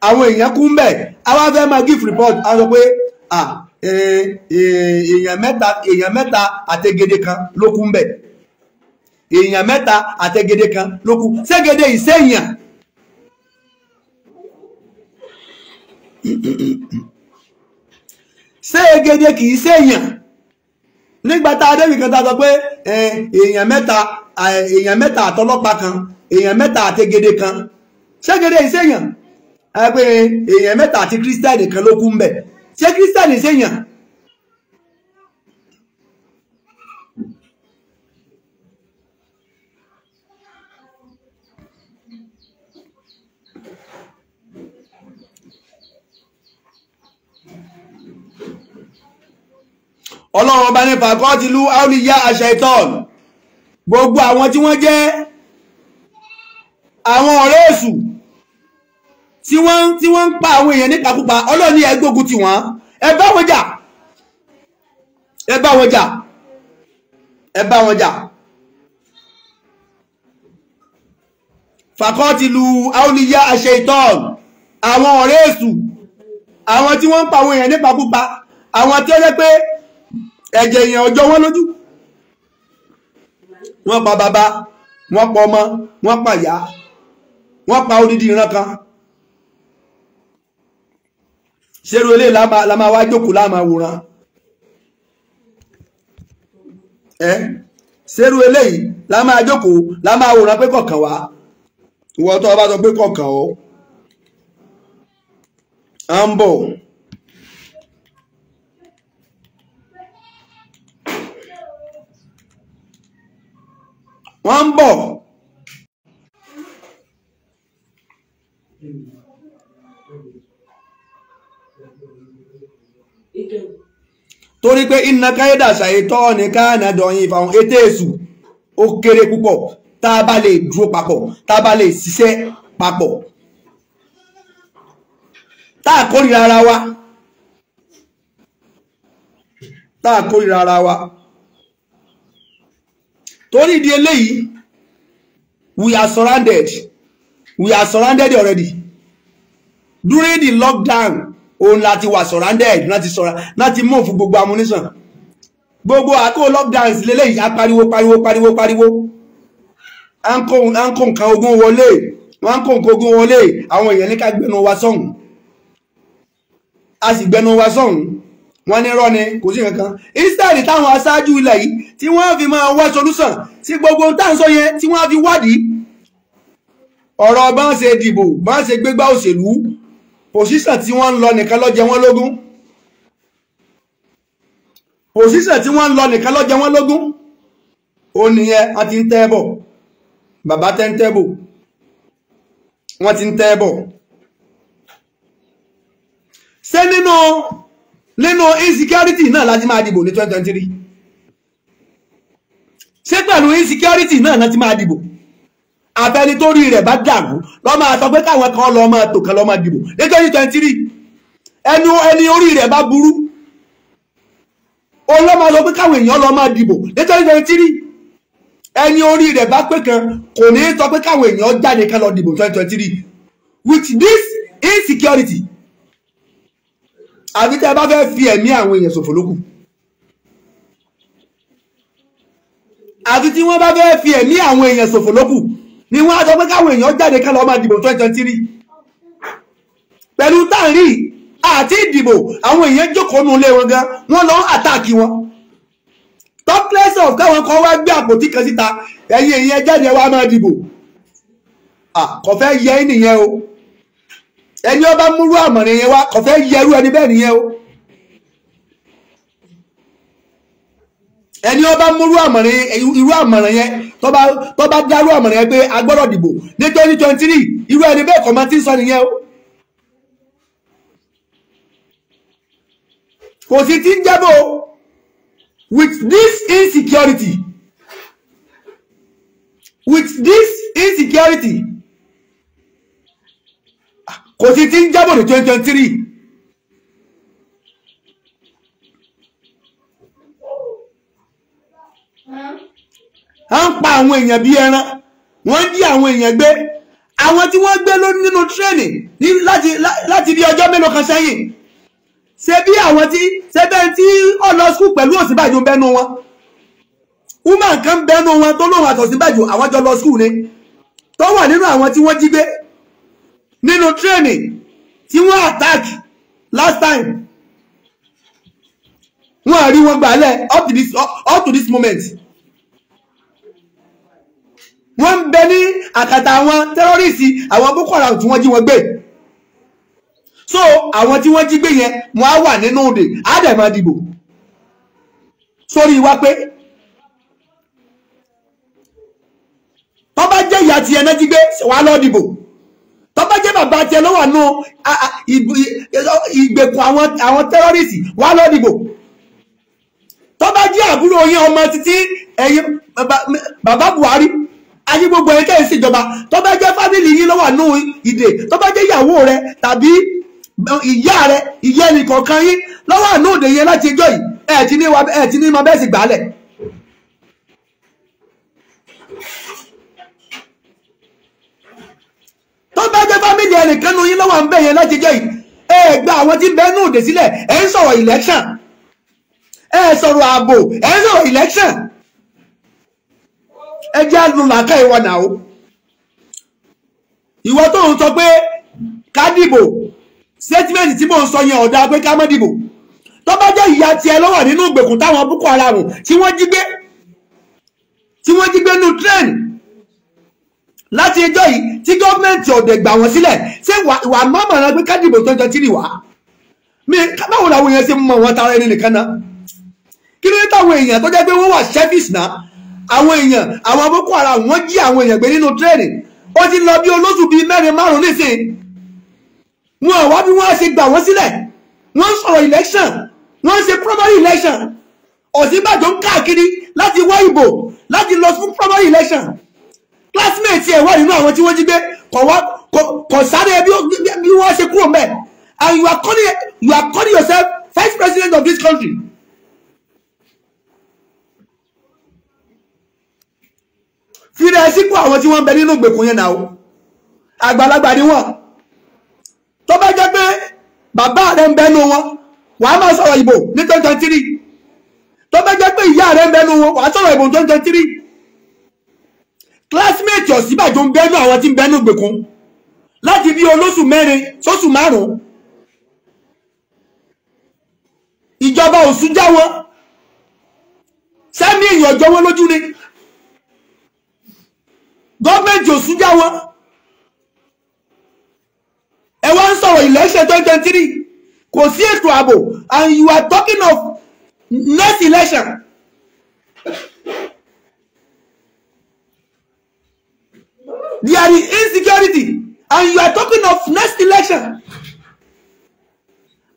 àwọn èèyàn kú ń bẹ̀ a wá fẹ́ máa gift report a sọ pé e, e, èèyàn mẹ́ta èèyàn kan ló kú ń bẹ̀ èèyàn mẹ́ta àtẹ̀gẹ̀dẹ̀ kan ló kú ṣẹ́gẹ̀dẹ̀ ìṣẹ́yàn ṣé egede kì í ṣèyàn nígbà tá a débi kan tá a sọ pé èèyàn mẹ́ta èèyàn mẹ́ta àtọlọ́pàá kan èèyàn mẹ́ta àtegede kan ṣé egede yìí ṣèyàn ẹ pé èèyàn mẹ́ta àti kírísítẹ́nì kan ló kú ń bẹ̀ ṣé kírísítẹ́nì ṣèyàn ọlọ́run ọba ní fàkọ́tìlú áúlíyá àṣẹtọ́n gbogbo àwọn tí wọ́n jẹ́ àwọn ọ̀rẹ́ èṣù tí wọ́n tí wọ́n ń pa àwọn èèyàn nípakúpa ọlọ́run ní ẹgbógun tì wọ́n ẹ bá wọn jà ẹ bá wọn jà ẹ bá wọn jà fàkọ́tìlú áúlíyá àṣẹtọ́n àwọn ọ̀rẹ́ èṣù àwọn tí wọ́n ń pa àwọn èèyàn nípakúpa àwọn tí ó jẹ́ pé ẹ̀jẹ̀ yẹn ọjọ́ wọn lójú wọ́n pa bàbá wọ́n pa ọmọ wọ́n pa ìyá wọ́n pa odidi ìran kan ṣerú ilé la máa wá jókòó la máa wòran ẹ ṣerú eléyìí la máa jókòó la máa wòran pé kọ̀ọ̀kan wá ìwọ tó o bá sọ pé kọ̀ọ̀kan o à ń bọ̀. wọ́n ń bọ̀ torí pé iná káyédà ṣàyètọ́ ní káànà dọ̀yìn ìfàwọn ètè èṣù ó kéré púpọ̀ tá a bá lè dúró papọ̀ tá a bá lè ṣiṣẹ́ papọ̀ tá a kórìíra ara wa tá a kórìíra ara wa torí ìdí eléyìí we are surrounded we are surrounded already during the lockdown òun láti wà surrounded láti sọra láti mọ̀ fún gbogbo ammunition gbogbo àkó lockdowns lélẹ́yìí á pariwo pariwo pariwo pariwo à ń kó nǹkan ogun wọlé wọ́n á ń kó nǹkan ogun wọlé àwọn èèyàn ní ká gbẹnu wa sọ́hùn a sì gbẹnu wa sọ́hùn wọ́n ní rọ́ ni kò sí kankan instead táwọn aṣáájú ilẹ̀ yìí tí wọ́n fi máa wá solution sí gbogbo táǹsọ yẹn tí wọ́n fi wádìí ọ̀rọ̀ bá ń ṣe dìbò bá ń ṣe gbégbá òṣèlú position tí wọ́n ń lọ nìkan ló jẹ wọ́n lógún position tí wọ́n ń lọ nìkan ló jẹ wọ́n lógún ó nìyẹn a ti ń tẹ́ bọ̀ bàbá tẹ́ ń tẹ́ bọ̀ wọ́n ti ń tẹ́ bọ̀ ṣé nínú. No nínú insecurity náà láti máa dìbò ní twenty twenty three ṣé pẹ̀lú insecurity náà láti máa dìbò àbẹni tó rí rẹ̀ bá dàrú lọ́ máa sọ pé káwọn kan lọ́ máa tò kan lọ́ máa dìbò ní twenty twenty three ẹnu ẹni orí rẹ̀ bá burú òun lọ́ máa sọ pé káwọn èèyàn lọ́ máa dìbò ní twenty twenty three ẹni orí rẹ̀ bá pé kan kò ní sọ pé káwọn èèyàn jáde kan lọ dìbò twenty twenty three with this insecurity àbí tẹ́ bá fẹ́ fi ẹ̀mí àwọn èèyàn ṣòfò lókù àti tí wọ́n bá fẹ́ fi ẹ̀mí àwọn èèyàn ṣòfò lókù ni wọ́n á sọ pé káwọn èèyàn jáde kán lọ́ọ́ máa dìbò twenty twenty three pẹ̀lú táàrí àti ìdìbò àwọn èèyàn jókòó nulẹ̀ wọn gan wọ́n lọ àtàkì wọn tọ́pẹ́sì ọ̀f káwọn kan wá gbé àpótí kan síta ẹ̀yin èèyàn jáde wá máa dìbò kò fẹ́ yẹ ẹ́ nìyẹn o ẹni ọba múrú àmọ̀ràn yẹn wá kò fẹ́ yẹrú ẹni bẹ́ẹ̀ nìyẹn o ẹni ọba múrú àmọ̀ràn irú àmọ̀ràn yẹn tó bá dárú àmọ̀ràn yẹn pé a gbọ́dọ̀ dìbò ní twenty twenty three irú ẹni bẹ́ẹ̀ kọ́ máa ti sọ nìyẹn o. kò sí tí ń jẹ́bọ̀ with this insecurity with this insecurity kò sí tí ń jábọ̀ ní twenty twenty three. à ń pa àwọn èèyàn bíi ẹran wọ́n jí àwọn èèyàn gbé àwọn tí wọ́n gbé lónìí nínú tírẹ́ẹ̀nì láti bí ọjọ́ mélòó kan sẹ́yìn ṣe bí àwọn tí ṣe bẹ́ẹ̀ tí ọ̀nà skul pẹ̀lú Ọ̀ṣínbàjò bẹ́nu wọn woman kan bẹ́nu wọn tó lóun àtọ̀sínbàjò àwọn jọ lọ skul ni tó wà nínú àwọn tí wọ́n jí gbé nínú tírẹ̀nì tí wọ́n attack last time wọ́n àrí wọn gbàlẹ̀ up to this up to this moment wọ́n ń bẹ ní àkàtà àwọn tẹ́rọ́rìsì àwọn Boko Haram tí wọ́n jí wọn gbé so àwọn tí wọ́n jí gbé yẹn wọ́n á wà nínú òde á dẹ̀ máa dìbò sórí wa pé tó bá jẹ́ ìyá ti ẹnẹ́jí gbé wàá lọ́ọ́ dìbò bàbá tiẹ̀ ló wà nù ìgbèkùn àwọn tẹ́rọ́rìsì wà lọ́dìbò tó bá jẹ́ àbúrò yín ọmọ títí ẹ̀yin bàbá Buhari ayé gbogbo ẹ̀yin tẹ́yìn síjọba tó bá jẹ́ fámìlì yín ló wà nù ìdè tó bá jẹ́ ìyàwó rẹ tàbí ìyá rẹ ìyá ẹnìkọ̀ọ̀kan yín ló wà nù òde yẹn láti ẹjọ́ yìí ẹ̀ ti ní ma bẹ́ẹ̀ sì gbàálẹ̀ wọn bá jẹ́ fámìlì ẹnìkan nu yín lọ́wọ́ à ń bẹ̀ yẹn láti ẹ gba àwọn tí ń bẹ́ẹ̀ nù sílẹ̀ ẹ ń sọ̀rọ̀ election ẹ sọ̀rọ̀ ààbò ẹ ń sọ̀rọ̀ election ẹ jẹ́ àlùn ìwọ nà o. ìwọ tó ń sọ pé ká dìbò statement tí mò ń sọ yẹn ọ̀dà pé ká má dìbò tó bá jẹ́ ìyá tiẹ̀ lọ́wọ́ nínú ìgbèkùn táwọn tí wọ́n jí gbé tí láti ẹjọ́ yìí tí gọ́ọ̀mẹ̀ntì ọ̀dẹ̀ gbà wọ́n sílẹ̀ ṣé ìwà mọ́mọ́ náà pé kádìbò tó ń jọ tìrì wá mi báwo làwọn èèyàn ṣe mọ wọn tara ẹni nìkan náà kí ló dé táwọn èèyàn tó jẹ́ pé wọ́n wà ṣẹ́fíìs náà àwọn èèyàn àwọn boko haram wọ́n jí àwọn èèyàn gbé nínú tírẹ̀nì ó ti lọ bí olóṣù bíi mẹ́rin márùn-ún nísìn wọn àwa bí wọ́n ṣe gbà wọ́n sílẹ̀ wọ́n sọ̀rọ̀ election wọ́n ṣe primary election Ọ̀sínbàjò ń káàkiri láti wá ìbò láti lọ fún primary election classmate ẹ̀ wà nínú àwọn tí wọ́n jí gbé kò sáré bí wọ́n ṣe kúrò mẹ́ and you are calling you are calling yourself first president of this country. fìrẹ̀ sípò àwọn tí wọ́n ń bẹ nínú ìgbèkùn yẹn náà àgbàlagbà ni wọ́n tó bá jẹ́ pé bàbá rẹ̀ ń bẹnu wọn wàá máa sọ̀rọ̀ ìbò ní twenty twenty three tó bá jẹ́ pé ìyá rẹ̀ ń bẹnu wọn wàá sọ̀rọ̀ ìbò ní twenty twenty three classmate Ọ̀ṣínbàjò ń bẹ́nu àwọn tí ń bẹ́nu gbèkún láti bí olóṣù mẹ́rin sóṣù márùn-ún ìjọba òṣù jáwọ́ sẹ́mi ìyànjọ́ wọn lójú ni gọ́ọ̀mẹ̀ntì òṣù jáwọ́ ẹ wá ń sọ̀rọ̀ election twenty twenty three kò sí ètò ààbò and you are talking of next election. there is insecurity and you are talking of next election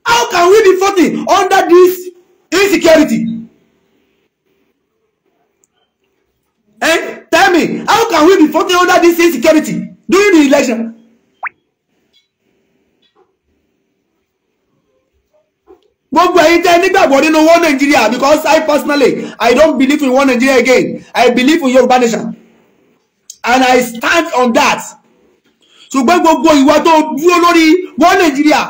how can we be voting under this insecurity eh tell me how can we be voting under this insecurity during the election gbogbo ẹ̀yin tẹ́ nígbàgbọ́ nínú one Nigeria because I personally I don't believe in one Nigeria again I believe in Yorùbá nation and I stand on that ṣùgbọ́n gbogbo ìwà tó dúró lórí wọ́n Nàìjíríà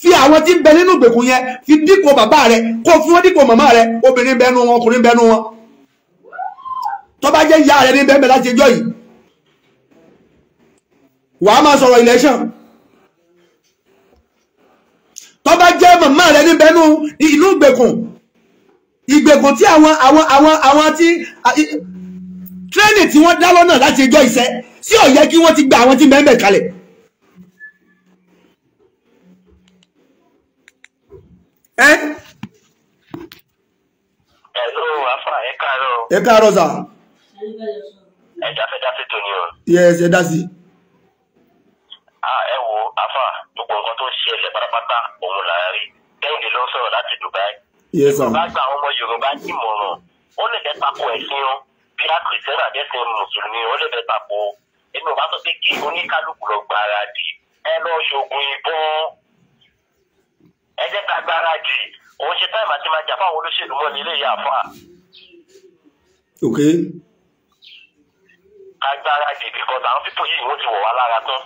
fi àwọn tí ń bẹ nínú ìgbèkùn yẹn fi dípò bàbá rẹ kó fi wọ́n dípò màmá rẹ obìnrin bẹnu wọn ọkùnrin bẹnu wọn tó bá jẹ́ ìyá rẹ ní bẹ́ẹ̀ láti ẹjọ́ yìí wàá máa sọ̀rọ̀ election tó bá jẹ́ màmá rẹ ní bẹ́ẹ̀nu ìlú ìgbèkùn ìgbèkùn tí àwọn àwọn àwọn àwọn tí tírẹ́nì tí wọ́n dá lọ́nà láti ẹjọ́ iṣẹ́ sí ó yẹ kí wọ́n ti gba àwọn tí mẹ́mẹ́ kalẹ̀. ẹ. ẹ̀lú afa ẹ káàárọ̀. ẹ káàárọ̀ sà. ẹ dáfẹ́ dáfẹ́ tó ní o. yes ẹ dá sí. ẹ wo afa gbogbo nǹkan tó ń ṣẹlẹ̀ pátápátá òun là ń rí kẹ́hìndé ló ń sọ̀rọ̀ láti Dubai. yes sir. gba àwọn ọmọ Yorùbá ìmọ̀ràn ó lè fẹ́ takò ẹ̀sìn wọn bíá kìrìsìtẹ́nì àdẹ́sẹ̀ mùsùlùmí ó lè bẹ́ẹ̀ papọ̀ èmi ò bá sọ pé kí oníkálukú lọ gbáradì ẹ lọ ṣoògùn ìbọn ẹ jẹ́ ká gbáradì òun ṣe táìmù àti máa jà fáwọn olóṣèlú mọ́ ní ilé ìyá àfa. okay. ká gbáradì because àwọn pípọ̀ yìí wọ́n ti wọ̀ wá lára tán.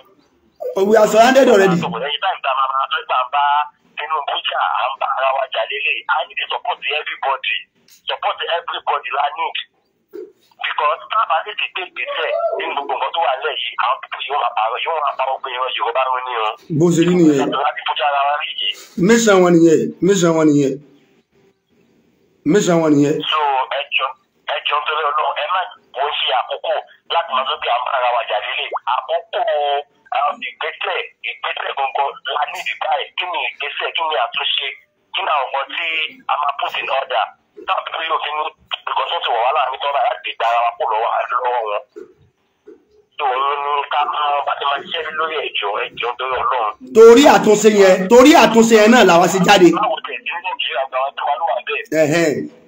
Oh, we are surrounded already. lẹ́yìn táìmù tá a máa gbà ń bá Tinubu jà à ń bá ara wa jà lélẹ̀ I need support everybody support everybody la need because tá a bá tètè gbé ìgbésẹ̀ nínú gbogbo nǹkan tó wà nílẹ̀ yìí àwọn pípọ̀ yóò máa parọ́ yóò máa parọ́ pé ìran Yorùbá ló ní o. bó ṣe rí nìyẹn mẹ́sàn wọn nìyẹn mẹ́sàn wọn nìyẹn mẹ́sàn wọn nìyẹn. so ẹjọ ẹjọ torí Ọlọ́run ẹ má wo ṣe àkókò láti máa sókè àwọn ará wa jáde lé àkókò um, ìgbésẹ̀ ìgbésẹ̀ gbọngàn lánìí báyìí kí ni ìgbésẹ̀ kí ni àtúnṣe kí ni àwọn ọmọ tí a máa put in order tábìlì yìí ò fi ní ìkọ́sọ́ ti wọ̀ wá láàrin tọ́lá láti gba ara wa kó lọ́wọ́ lọ́wọ́ wọn. òun ni ká mọ bàtìmáṣẹ́ lórí ẹ̀jọ̀ ẹ̀jọ̀ tó yọ lọ́run. torí àtúnṣe yẹn torí àtúnṣe yẹn náà làwa ṣe jáde.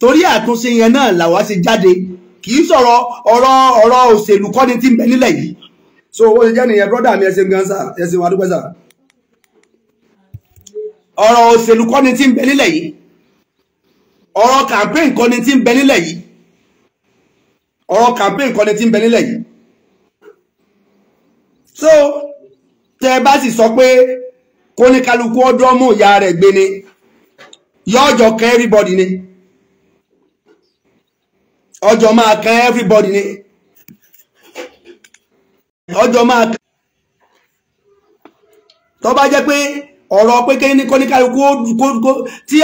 torí àtúnṣe yẹn náà làwa ṣe jáde kì í sọ̀rọ̀ ọ̀rọ̀ ọ̀rọ̀ òṣèlú kọ́ni tí ń bẹ nílẹ̀ yìí so ó ṣe jẹ́ nìyẹn brọ́dà mi ẹ̀sìn gan sà ẹ̀sìn wàdúgbẹ́sà ọ̀rọ̀ òṣèlú kọ́ni tí ń bẹ nílẹ̀ yìí ọ̀rọ̀ campaign kan ni tí ń bẹ nílẹ̀ yìí ọ̀rọ̀ campaign kan ni tí ń bẹ nílẹ̀ yìí so tẹ́ bá sì sọ pé kó ní kálukú ọdún ọmọ ìyá rẹ̀ gbé ni yọjọ kan everybody ni ọjọ́ máa kan everybody ni ọjọ́ máa kan tó bá jẹ́ pé ọ̀rọ̀ pé kí ní kó ní kálukú tí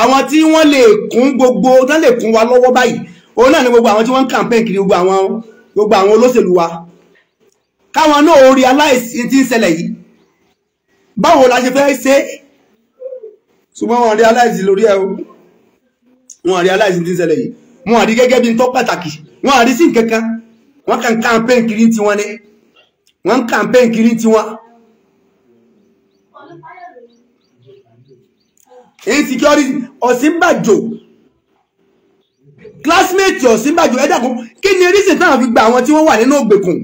àwọn tí wọ́n lè kún gbogbo tán lè kún wa lọ́wọ́ báyìí òun náà ni gbogbo àwọn tí wọ́n ń campaign kiri gbogbo àwọn gbogbo àwọn olóṣèlú wa káwọn náà ó realize tí ń ṣẹlẹ̀ yìí báwo la ṣe fẹ́ ṣe ṣùgbọ́n wọn realize lórí ẹ̀ o wọn realize tí ń ṣẹlẹ̀ yìí wọn àrí gẹ́gẹ́ bí n tó pàtàkì wọn àrí sí nǹkan wọn kàn campaign kiri tiwọn ni wọn campaign kiri tiwọn insecurity Ọ̀sínbàjò classmate Ọ̀sínbàjò ẹ dákun kí ni reason táwọn fi gba àwọn tí wọ́n wà nínú ògbèkùn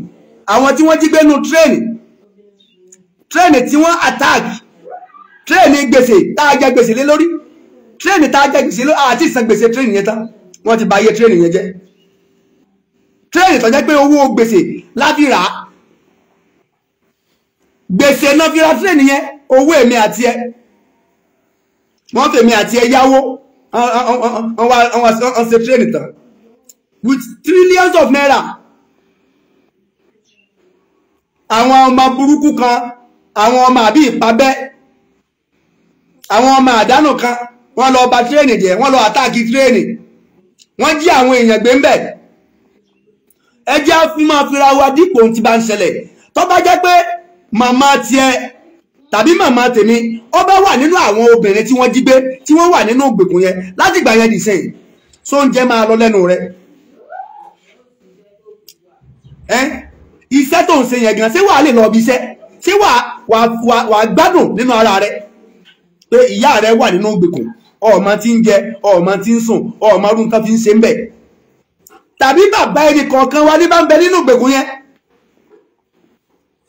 àwọn tí wọ́n jí gbénu tírẹ́ẹ̀nì tírẹ́ẹ̀nì tí wọ́n attack tírẹ́ẹ̀nì gbèsè tá a jẹ gbèsè lé lórí tírẹ́ẹ̀nì tá a jẹ gbèsè lórí àti ìsan gbèsè tírẹ́ẹ̀nì yẹn tán wọ́n ti bà ayé tírẹ́ẹ̀nì yẹn jẹ́ tírẹ́ẹ̀nì tó jẹ́ pé owó gbèsè láfi rà á gbèsè náà fi ra tírẹ́ẹ̀nì yẹn owó èmi àti ẹ wọ́n fèmí àti ẹ̀yáwó wọ́n ṣe tírẹ́nì tán with trillions of naira àwọn ọmọ burúkú kan àwọn ọmọ àbí ìpabẹ́ àwọn ọmọ àdánù kan wọ́n lọ bà tírẹ́nì jẹ́ wọ́n lọ àtáàkì tírẹ́nì wọ́n jí àwọn èèyàn gbé ń bẹ̀ ẹ jẹ́ fún máa fira wa dípò ohun tí bá ń ṣẹlẹ̀ tó bá jẹ́ pé màmá tiẹ̀ tàbí màmá tèmi ó bá wà nínú àwọn obìnrin tí wọ́n jí gbé tí wọ́n wà nínú ìgbèkùn yẹn láti gbà yẹn dìsẹ́ yìí so oúnjẹ máa lọ lẹ́nu rẹ ẹ iṣẹ́ tó ń ṣe yẹn gan ṣé wàá lè lọ bí iṣẹ́ ṣé wàá wàá wàá gbádùn nínú ara rẹ pé ìyá rẹ wà nínú ìgbèkùn ọmọ tí ń jẹ ọmọ tí ń sùn ọmọ ọdún kan fi ń ṣe ń bẹ tàbí bàbá ẹnì kọ̀ọ̀kan wa ní bá ń bẹ nínú ìgbèkùn yẹn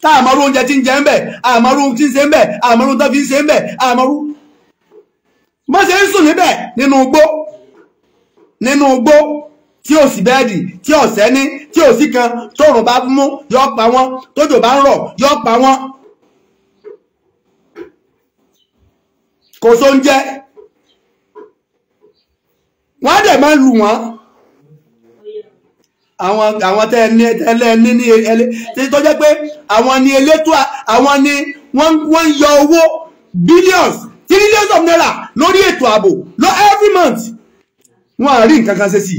tá àmọ́rú oúnjẹ tí ń jẹ ń bẹ̀ àmọ́rú tí ń ṣe ń bẹ̀ àmọ́rú tó fi ń ṣe ń bẹ̀ àmọ́rú. mo ṣe ń sùn níbẹ̀ nínú igbó nínú igbó tí ò sí bẹ́ẹ̀dì tí ò sẹ́ni tí ò sí kan tóòrùn bá mú yọ pa wọ́n tójò bá ń rọ̀ yọ pa wọ́n. kò sóúnjẹ wọ́n á dẹ̀ máa lù wọ́n àwọn àwọn tẹ ẹni tẹlẹ ẹni ní ẹlẹ tó jẹ́ pé àwọn ni elétò àwọn ni wọ́n ń yọ owó billions trillions of naira lórí ètò ààbò lọ every month wọ́n à rí nǹkan kan ṣe sí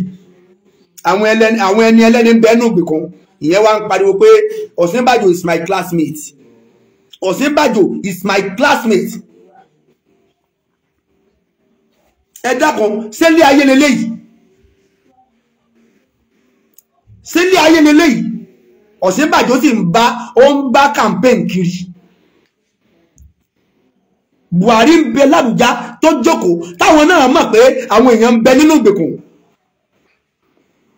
àwọn ẹlẹni àwọn ẹni ẹlẹni ń bẹnu gbìkan ìyẹn wá ń pariwo pé Ọ̀sínbàjò is my classmate Ọ̀sínbàjò is my classmate ẹ dákun ṣé ilé ayé sílé ayé leléyìí Ọ̀ṣínbàjò sì ń bá ó ń bá campaign kiri Buhari ń bẹ l'Àbújá tó jókòó táwọn náà mọ̀ pé àwọn èèyàn ń bẹ nínú ìgbèkùn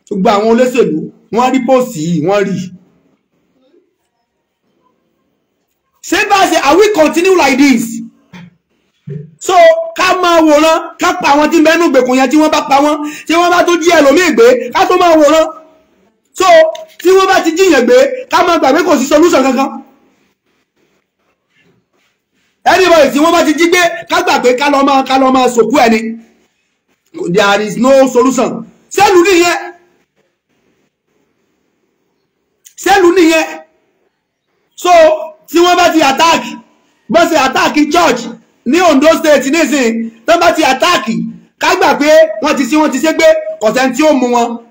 gbogbo àwọn olóṣèlú wọ́n rí póòsì yìí wọ́n rí ṣé bá ṣe are we continue like this so ká máa wòran ká pa àwọn tí ń bẹ nínú ìgbèkùn yẹn tí wọ́n bá pa wọ́n tí wọ́n bá tó jí ẹlòmíì gbé ká tó máa wòran so tí wọ́n bá ti jíyàn gbé ká máa gbàgbé kò sí solution kankan anybody tí wọ́n bá ti jí gbé ká gbàgbé ká lọ máa ká lọ máa sòkú ẹni there is no solution sẹ́lù nìyẹn sẹ́lù nìyẹn so tí wọ́n bá ti attack bó ṣe attack church ní Ondo state nísìnyí tó bá ti attack ká gbà pé wọ́n ti sí wọ́n ti ṣe gbé kọ̀sẹ̀ tí ó mú wọn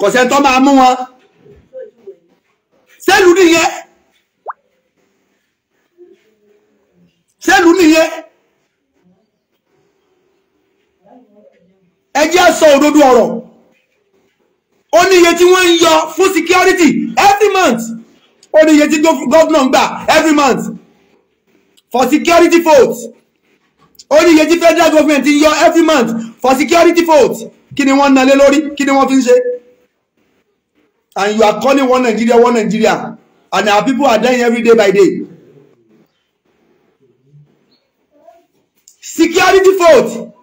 kò sẹ́ni tó máa mú wọn sẹ́lù nìyẹn sẹ́lù nìyẹn ẹ jẹ́ sọ òdodo ọ̀rọ̀ ó ní iye tí wọ́n ń yọ fún security every month ó ní iye tí gọ́vnọ̀ ń gbà every month for security votes ó ní iye tí federal government ń yọ every month for security votes kí ni wọ́n ń nalé lórí kí ni wọ́n fi ń ṣe and you are calling one Nigeria one Nigeria and our people are dying every day by day. security fault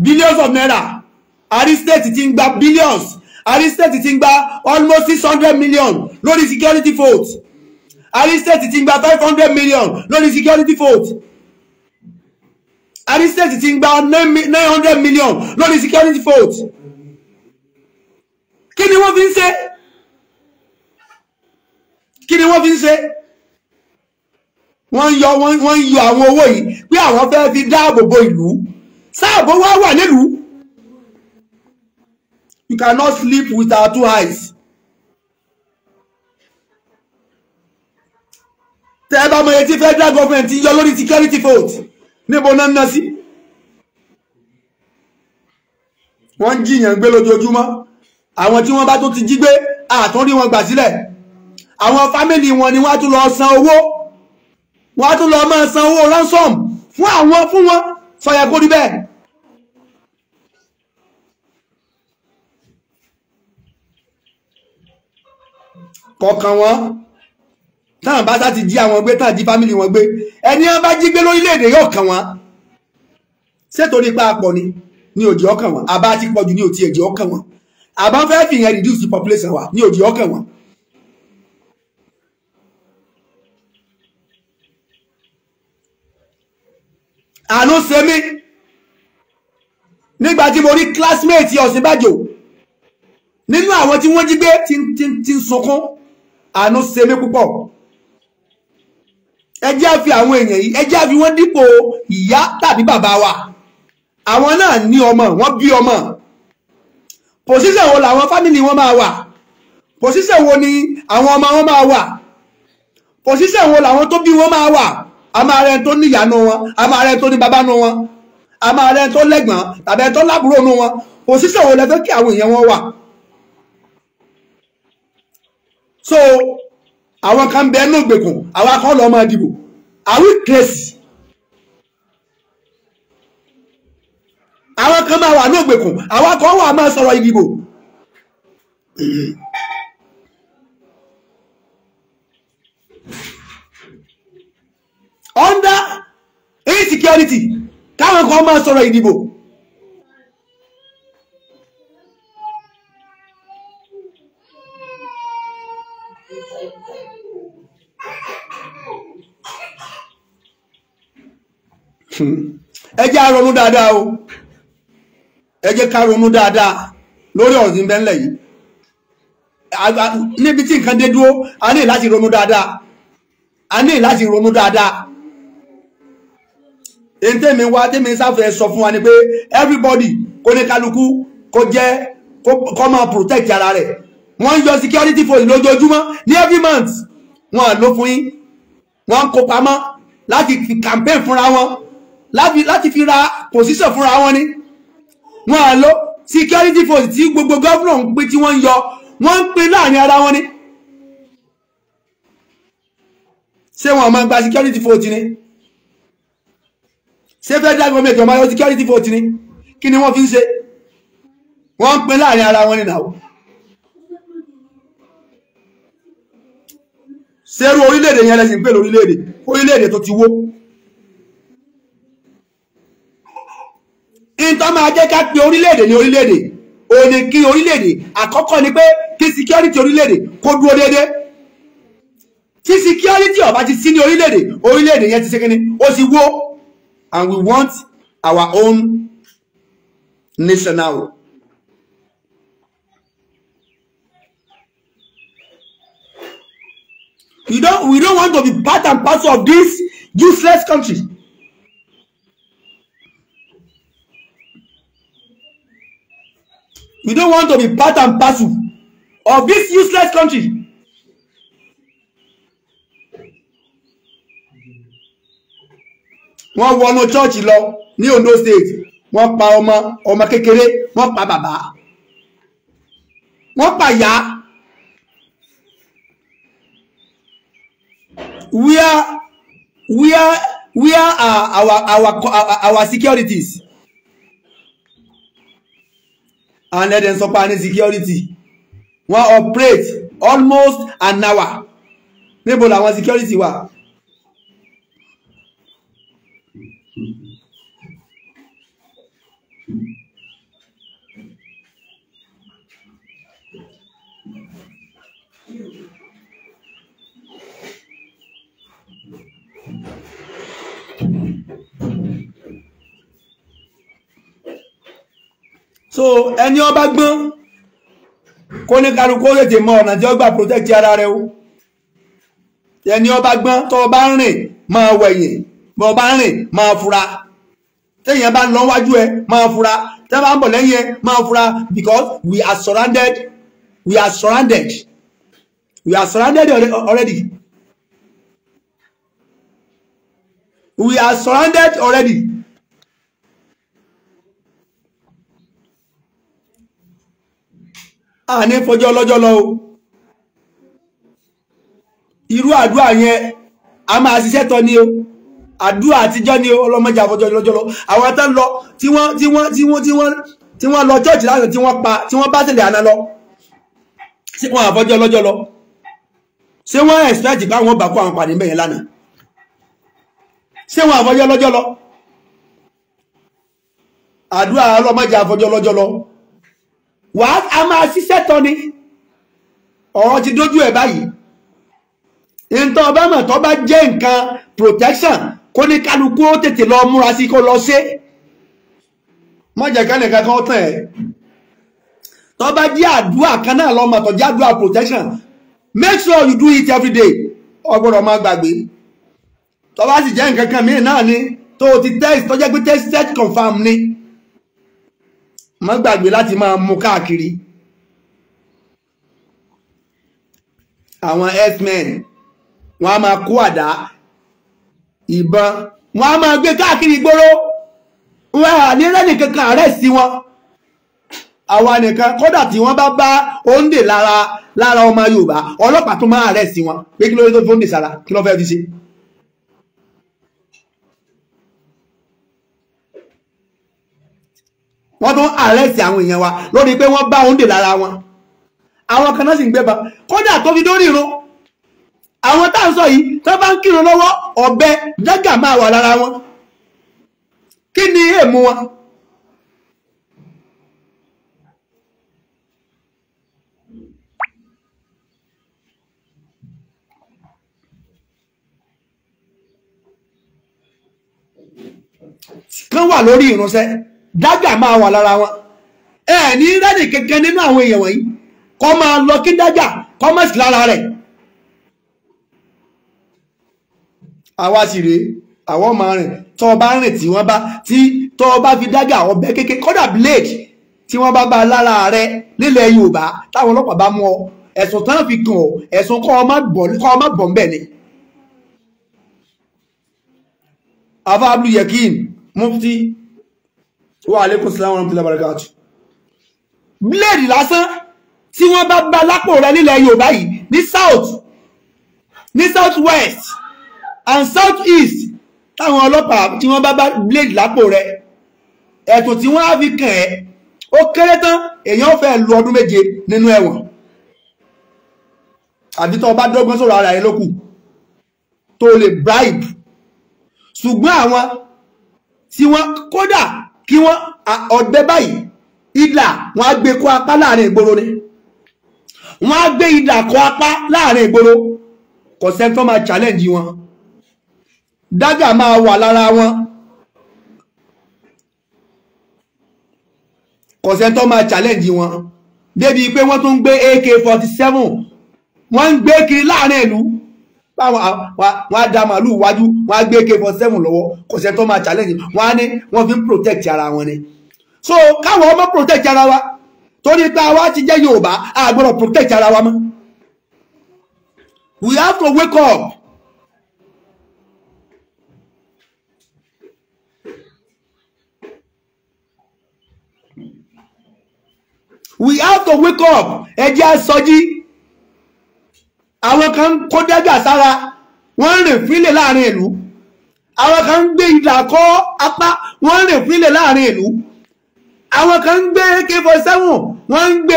billions of naira arrested, state ti gba billions arrested, state ti gba almost six hundred million lórí security fault arrested, state ti gba five hundred million lórí security fault arrested, state ti ń gba nine hundred million lórí security fault kí ni wọ́n fi ń ṣe kí ni wọ́n fi ń ṣe wọ́n ń yọ wọ́n ń yọ àwọn owó yìí pé àwọn fẹ́ fi dáàbò bo ìlú sáàbò wá wà nílùú you cannot sleep with our two eyes tẹ́ ẹ bá mọ etí federal government yọ lórí security vote níbo náà ń ná sí wọ́n ń jiyàn gbé lójoojúmọ́ àwọn tí wọ́n bá tó ti jí gbé àtúndí wọn gbà sílẹ̀ àwọn fámìlì wọn ni wọ́n á tún lọ san owó wọ́n á tún lọ máa san owó ransom fún àwọn fún wọn sọyẹ kó rí bẹ́ẹ̀. kọ̀ọ̀kan wọn táwọn bá sá ti jí àwọn gbé táwọn jí fámìlì wọn gbé ẹni wọn bá jí gbé lórílẹ̀‐èdè yóò kàn wọ́n ṣé torí pa àpọ̀ ni ní òdì ọkàn wọn àbá ti pọ̀jù ní òtí ẹ̀jẹ̀ ọkàn wọn àbá fẹ́ fìyàn reduce the population wa ní òdì ọkàn wọn. àánú ṣe mí nígbà tí mo rí classmate Ọ̀sínbàjò nínú àwọn tí wọ́n jí gbé tí ń sunkún àánú ṣe mí púpọ̀ ẹ jẹ́ á fi àwọn èèyàn yìí ẹ jẹ́ á fi wọ́n dípò ìyá tàbí bàbá wa àwọn náà ní ọmọ wọ́n bí ọmọ pòsíṣẹ̀ wo làwọn fámìlì wọn máa wà pòsíṣẹ̀ wo ni àwọn ọmọ wọn máa wà pòsíṣẹ̀ wo làwọn tó bí wọn máa wà a máa rẹ tó ní ìyá nu wọn a máa rẹ tó ní bàbá nu wọn a máa rẹ tó lẹ́gbọ̀n tàbí ẹ tó lábúrò nu wọn òṣìṣẹ́ wo lẹ fẹ́ kí àwọn èèyàn wọn wà. so àwọn kan bẹ ẹnu ìgbèkùn àwọn akọ́ lọ́ọ́ máa dìbò àwí kírẹ́sì àwọn kan máa wà ní ìgbèkùn àwọn akọ́ wà máa sọ̀rọ̀ ìdìbò. under insecurity káwọn kan máa sọ̀rọ̀ ìdìbò. ẹ jẹ́ àrònú dáadáa o ẹ jẹ́ ká dáadáa lórí ọ̀rọ̀ tí ńlẹ̀ yìí níbi tí nǹkan dé a ní láti ronú dáadáa a èyí tèmi wá tèmi sáfẹ́ sọ fún wa ni pé everybody kó ní kálukú kó jẹ́ kó máa protect ara rẹ̀ wọ́n ń yọ security force lójoojúmọ́ ní every month wọ́n á lò fún yín wọ́n ń kó pamọ́ láti fi campaign fúnra wọn láti fi ra position fúnra wọn ni wọ́n á lò security force tí gbogbo gọ́vùnà ń pín tí wọ́n ń yọ wọ́n ń pín láàrin ara wọn ni ṣé wọn máa gba security force ni ṣé federal government ọmọ ayọ́ security vote ni kí ni wọ́n fi ń ṣe wọ́n ń pín láàrin ara wọn nìyàwó. ṣerú orílẹ̀-èdè yẹn lẹ́sìn pé lórílẹ̀-èdè orílẹ̀-èdè tó ti wó. ìtọ́ máa jẹ́ ká pe orílẹ̀-èdè ní orílẹ̀-èdè òní kí orílẹ̀-èdè àkọ́kọ́ ni pé kí security orílẹ̀-èdè kó dúró déédéé tí security ọba ti sí ní orílẹ̀-èdè orílẹ̀-èdè yẹn ti ṣe kínní ó ti wó and we want our own national. We don't, we don't want to be part and parcel of this useless country. We don't want to be part and parcel of this useless country. wọ́n wọnú chọ́ọ̀chì lọ ní Ondo state wọ́n pa ọmọ ọmọ kékeré wọ́n pa bàbá wọ́n pa ìyá where where where are our our our securities and ẹ̀dẹ̀ ń sọ pé security we operate almost an hour níbo làwọn security wà. so ẹni ọba gbọ́n kó ní kálukú ó tètè mọ ọ̀nà tí ó gbà protect ara rẹ o ẹni ọba gbọ́n tó o bá ń rìn máa wẹ̀yìn bó o bá ń rìn máa fura téèyàn bá ń lọ wájú ẹ máa fura téèyàn bá ń bọ̀ lẹ́yìn ẹ máa fura because we are surrounded we are surrounded we are surrounded already we are surrounded already. a ní fọjọ́ ọlọ́jọ́ lọ o irú àdúrà yẹn a máa ṣiṣẹ́ tọ́ ni o àdúrà àtijọ́ ni ọlọ́mọdé àfọjọ́ ọlọ́jọ́ lọ àwọn tó ń lọ tí wọ́n tí wọ́n tí wọ́n tí wọ́n tí wọ́n lọ church láti tí wọ́n pa tí wọ́n bá tẹ̀lé àná lọ ṣé wọ́n àfọjọ́ ọlọ́jọ́ lọ ṣé wọ́n expect pé àwọn bá kó àwọn pàdé mẹ́yẹn lánàá ṣé wọ́n àfọjọ́ ọlọ́jọ́ lọ àdúrà ọlọ́mọdé àfọjọ́ ọlọ́jọ́ lọ wà á máa ṣiṣẹ́ tán ni ọ̀rọ̀ ti dójú ẹ̀ báyìí nǹkan ọba mọ̀ tó bá jẹ́ nǹkan protection kó ní kálukú ó tètè lọ múra sí kó lọ ṣe má jẹ́ ká nìkan kan tàn ẹ́ tó bá jẹ́ àdúrà kan náà lọ́mọ tó jẹ́ àdúrà protection make sure you do it every day o gbọ́dọ̀ má gbàgbé tó bá sì jẹ́ nǹkan kan míì náà ni tó o ti test tó jẹ́ pé test confirm ni má gbàgbé láti máa mú káàkiri àwọn herdsmen wọ́n á máa kó àdá ìbọn wọ́n á máa gbé káàkiri gbóró wọ́n á ní rẹ́nì kankan àárẹ̀ sí wọn àwa nìkan kódà tí wọ́n bá bá òǹdè lára lára ọmọ Yorùbá ọlọ́pàá tó máa rẹ̀ sí wọn pé kí ló dé tó fóǹdè sára kí ló fẹ́ fi ṣe. wọ́n tún àrẹ́sì àwọn èèyàn wa lórí pé wọ́n bá oúnjẹ lára wọn àwọn kan náà sì ń gbébọn kódà tó fi dórí irun àwọn tá à ń sọ yìí tó bá ń kírun lọ́wọ́ ọ̀bẹ dágà máa wà lára wọn kí ni èèmù wọn. kan wà lórí ìránṣẹ́ dájà máa wà lára wọn ẹ ní rẹ́ẹ̀dì kankan nínú àwọn èèyàn wọ̀nyí kọ́ máa lọ kí dájà kọ́ mọ̀ sí lára rẹ̀ àwa sì rèé àwọn ọmọ rìn tọ́ ọ bá rìn tí wọ́n bá tí tọ́ ọ bá fi dájà ọbẹ̀ kékeré kọ́dà blade tí wọ́n bá bá a lára rẹ̀ nílẹ̀ Yorùbá táwọn ọlọ́pàá bá mú ọ ẹ̀sùn tán fi kàn ọ ẹ̀sùn kọ́ ọ má bọ̀ kọ́ ọ má bọ̀ ń bẹ̀ ni. afa abdul yakin mufti wa aleykum salaam wa rahmatullahi wa barakatuh. bíléèdì lásán tí wọ́n gba lápò rẹ nílẹ̀ yorùbá yìí ní south ní south west and south east táwọn ọlọ́pàá tí wọ́n bá bá bíléèdì lápò rẹ ẹ̀tùn tí wọ́n á fi kàn ẹ́ ó kéré tán èèyàn fẹ́ lu ọdún méje nínú ẹ̀wọ̀n àbí tó o bá dọ́gbọ́n sọ̀rọ̀ ara rẹ To tó o lè bribe ṣùgbọ́n àwọn tí wọ́n koda kí wọ́n ọ̀gbẹ́ báyìí ìdà wọ́n á gbé kó apá láàrin ìgboro ni wọ́n á gbé ìdà kó apá láàrin ìgboro kò sẹ́ni máa challenge wọn dágà máa wà lára wọn kò sẹ́ni máa challenge wọn débi pé wọ́n tún ń gbé ak seven wọ́n ń gbé kiri láàrin ìlú wọ́n á dá màálùú wájú wọ́n á gbé AK47 lọ́wọ́ kò sẹ́ tó máa challenge wọ́n á ní wọ́n fi ń protect ara wọn ni so káwọn ọmọ protect ara wa torí pé àwa ti jẹ́ Yorùbá a protect ara wa mọ́ we have to wake up. we have to wake up ẹ jẹ́ àsọjí àwọn kan ń kó dájà sára wọ́n ń rìn fílẹ̀ láàrin ìlú àwọn kan ń gbé ìdà kọ́ apá wọ́n ń rìn fílẹ̀ láàrin ìlú àwọn kan ń gbé AK47 wọ́n ń gbé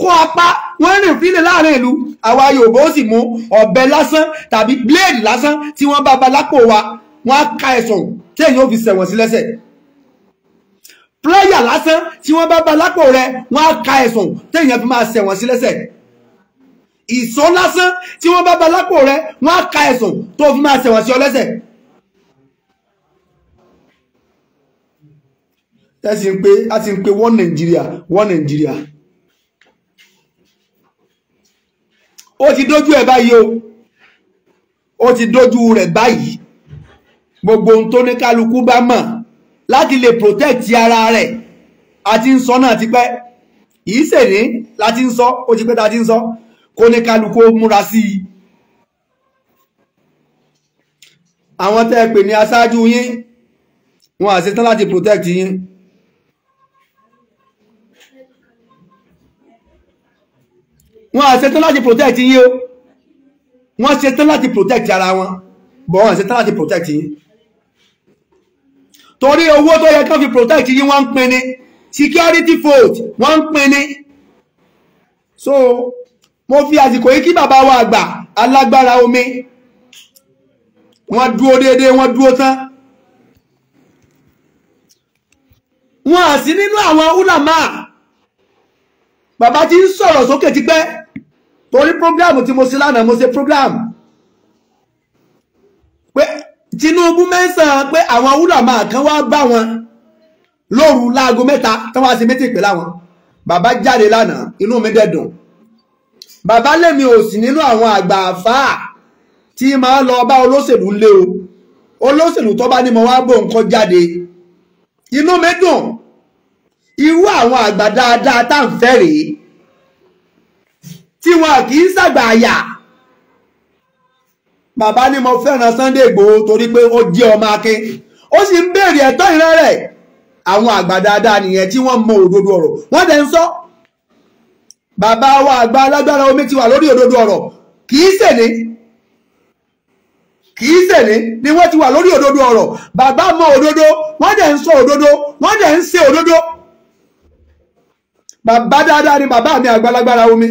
kó apá wọ́n ń rìn fílẹ̀ láàrin ìlú àwa Yorùbá ó sì mú ọ̀bẹ lásán tàbí bíléèdì lásán tí wọ́n bá ba lápò wa wọ́n á ka ẹ̀sùn tí èyí ò fi sẹ̀wọ̀n sí lẹ́sẹ̀ pílẹ́yà lásán tí wọ́n bá ba lápò rẹ wọ́n á ka ẹ̀sùn tí èyí ò fi máa sẹ̀wọ̀n sí lẹ́sẹ̀ ìsọ lásán tí wọ́n bá ba lápò rẹ wọ́n á ka ẹ̀sùn tó fi máa ṣẹ̀wọ̀n sí ọ lẹ́sẹ̀. ẹ sì ń pe a sì ń pe one Nigeria one Nigeria ó ti dójú ẹ̀ báyìí o ó ti dójú rẹ̀ báyìí gbogbo ohun tó ní kálukú bá mọ̀ láti lè protect ara rẹ̀ àti ń sọ náà ti pẹ́ ìṣèlú láti ń sọ ó ti pẹ́ tá a ti ń sọ kó ní kálukú múra sí i àwọn tẹ́ ẹ pè ní aṣáájú yín wọn àṣẹ tán láti protect yín wọn àṣẹ tán láti protect yín o wọ́n ṣe tán láti protect ara wọn bọ̀ wọ́n ṣe tán láti protect yín torí owó tó yẹ kán fi protect yín wọ́n ń pín security vote wọ́n ń pín so mo fi àsìkò yìí kí bàbá wa àgbà alágbára omi wọ́n dúró déédéé wọ́n dúró tán wọ́n à sí nínú àwọn húlàmà bàbá ti ń sọ̀rọ̀ sókè tipẹ́ torí program tí mo ṣe lánàá mo ṣe program pé Tinubu mẹ́sàn-án pé àwọn húlàmà kan wá bá wọn lóru láago mẹ́ta tí wọ́n á ṣe mítìn pẹ̀lú àwọn bàbá jáde lánàá inú mi dẹ̀ dùn bàbá lèmi ò nínú àwọn àgbà àfáà tí máa lọ bá olóṣèlú ńlé o olóṣèlú tó ní mo wá bò nǹkan jáde inú mi dùn àwọn àgbà dáadáa tá à fẹ́ rèé tí kì àyà bàbá ni mo fẹ́ràn Sunday igbo pé ó ọmọ akin ó sì ń béèrè ẹ̀tọ́ àwọn àgbà dáadáa nìyẹn tí mọ òdodo bàbá wa àgbà alágbára omi ti wà lórí òdòdó ọ̀rọ̀ kì í ṣèlé kì í ṣèlé ni wọ́n ti wà lórí òdòdó ọ̀rọ̀ bàbá mọ òdòdó wọ́n dẹ̀ ń sọ òdodo wọ́n dẹ̀ ń ni bàbá mi omi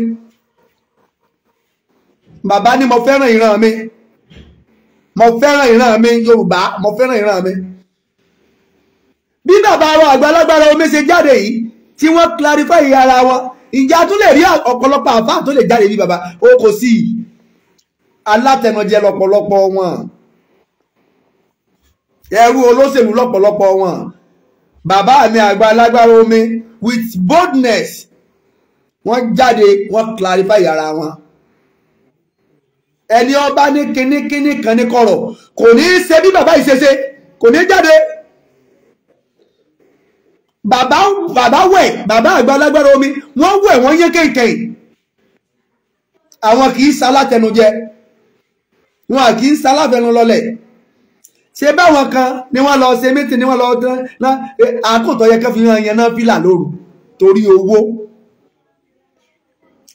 bàbá ni mo fẹ́ràn mi mo fẹ́ràn mi Yorùbá mo fẹ́ràn mi bí bàbá wa ìjà tó lè rí ọ̀pọ̀lọpọ̀ àfáà tó lè jáde bí baba ó kò sí alátẹnujẹ lọ́pọ̀lọpọ̀ wọn ẹrú olóṣèlú lọ́pọ̀lọpọ̀ wọn bàbá mi àgbà alágbára omi with boldness wọ́n jáde wọ́n clarify ara wọn ẹni ọba ní kínní kínní kan ní kọ̀rọ̀ kò ní í ṣe bí bàbá yìí ṣe ṣe kò ní í jáde bàbá bàbá wẹ̀ bàbá àgbàlagbára omi wọ́n wẹ̀ wọ́n yé kéńkéń àwọn kì í salátẹnujẹ wọn à kì í salátẹnu lọlẹ̀ ṣé báwọn kan ni wọ́n lọ ṣe mítìn ni wọ́n lọ dán àkótọ́ yẹ kẹfì hàn yẹn náà fílà lóru torí owó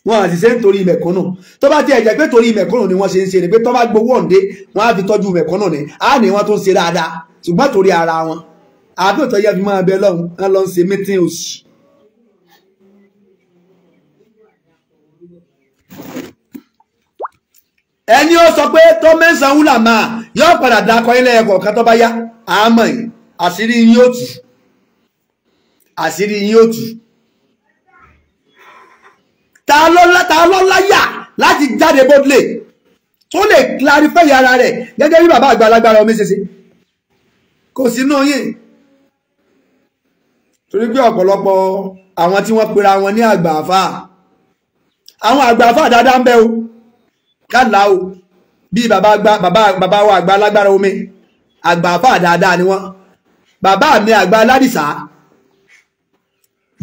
wọn à sì ṣe ń torí mẹ̀kúnnù tó bá tiẹ̀ jẹ́ pé torí mẹ̀kúnnù ni wọ́n ṣe ń ṣe ni pé tó bá gbowó ọ̀ǹdẹ wọ́n á fi tọ́jú mẹ̀kúnnù ni á ní wọ́n tó ń ṣe dáadáa ṣùgbọ́n torí ara wọn àánú tó yẹ fi máa bẹ lọ́hùn wọn lọ ń ṣe mítìn òsì. ẹni ó sọ pé tó mẹ́sàn-án wúlà máa yóò padà da akọ ilé ẹ̀kọ́ kan tó bá yá àmọ́ yìí àṣírí yín ó tù àṣírí yín ó tù. ta ló láyà láti jáde bódlé tó lè clarify ara rẹ̀ gẹ́gẹ́ bí bàbá àgbàlagbà rẹ̀ ọmọ ṣe ṣe kò sínú yìí torí pé ọ̀pọ̀lọpọ̀ àwọn tí wọ́n pera wọn ní àgbààfà àwọn àgbààfà dáadáa ń bẹ o kálá o bí bàbá bàbá wa àgbà alágbára omi àgbààfà dáadáa ni wọ́n bàbá mi àgbà aládìsá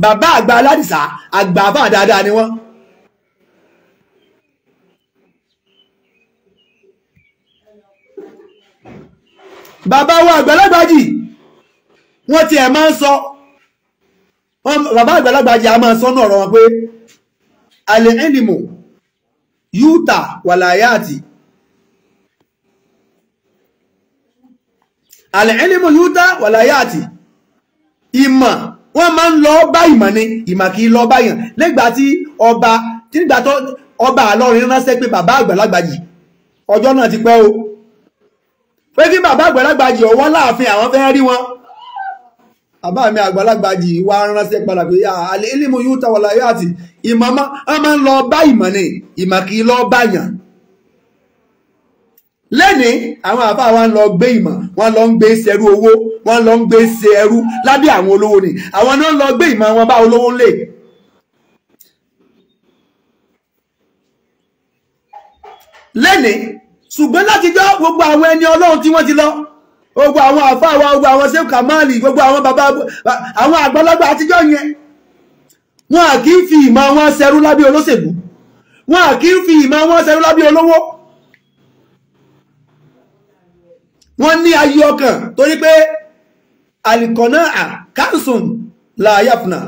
bàbá àgbà aládìsá àgbààfà dáadáa ni wọ́n. bàbá wa àgbàlagbàjì wọ́n tiẹ̀ máa ń sọ. So bàbá àgbàlagbà jẹ́ a máa sọ́nà ọ̀rọ̀ wọn pé alẹ́ ẹnìmọ̀ yúta wàláyàtì alẹ́ ẹnìmọ̀ yúta wàláyàtì ìmọ̀ wọ́n máa ń lọ bá ìmọ̀ ni ìmọ̀ ọba nígbà tó ọba ránṣẹ́ pé bàbá àgbàlagbà náà ti pẹ́ o pé kí bàbá àgbàlagbà yìí ọwọ́ láàfin wọn àbá mi àgbàlagbà jì wá ránṣẹ́ padà pé àlẹ́ ilimu yóò ta wàlá yóò àti ìmọ̀ máa ń lọ bá ìmọ̀ ni ìmọ̀ kì í lọ bá yàn lẹ́ni àwọn àbá wa ń lọ gbé ìmọ̀ wọ́n lọ ń gbé ṣe ẹrú owó wọ́n lọ ń gbé ṣe ẹrú lábẹ́ àwọn olówó ni àwọn náà lọ gbé ìmọ̀ wọn bá olówó ńlẹ̀. lẹ́ni ṣùgbọ́n látijọ́ gbogbo àwọn ẹni ọlọ́run tí wọ́n ti lọ gbogbo àwọn àfáà wa gbogbo àwọn sèkú kamali gbogbo àwọn bàbá àwọn àgbàlagbà àtijọ́ yẹn wọn à kì í fi ìmọ̀ wọn ṣẹrú lábẹ́ olóṣèlú wọn à kì í fi ìmọ̀ wọn ṣẹrú lábẹ́ olówó wọ́n ní ayé ọkàn torí pé alikọ̀nà àkáǹsùn làyàfùnà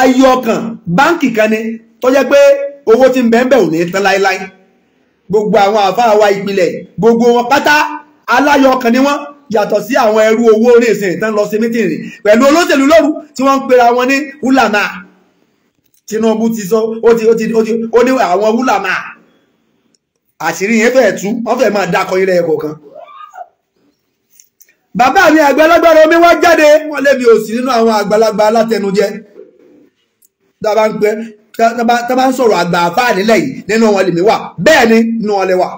ayé ọkàn báǹkì kan ni tó jẹ́ pé owó tí ń bẹ́ẹ̀ bẹ́ẹ̀ ò ní tán láéláé gbogbo àwọn àfáà wa ìpìlẹ̀ gbogbo wọn pátá aláyọ̀ ọkàn ni wọ́n yàtọ̀ sí àwọn ẹrú owó orí ìsìn tán lọ sí mítìn rìn pẹ̀lú olóṣèlú lóru tí wọ́n ń pera wọn ní wúlànà Tinubu ti sọ ó ti ó ti ó ti ó ní àwọn wúlànà àṣírí yẹn fẹ́ẹ̀ tú wọ́n fẹ́ẹ̀ máa dákọ ilẹ̀ ẹ̀kọ́ kan. bàbá mi àgbàlagbàra omi wá jáde wọ́n lé mi òsì nínú àwọn àgbàlagbà alátẹnujẹ dábàá ń pẹ́ tó bá ń sọ̀rọ̀ àgbà àfáà nílẹ̀ yìí nínú wọn lèmi wà bẹ́ẹ̀ ni nínú wọn lè wà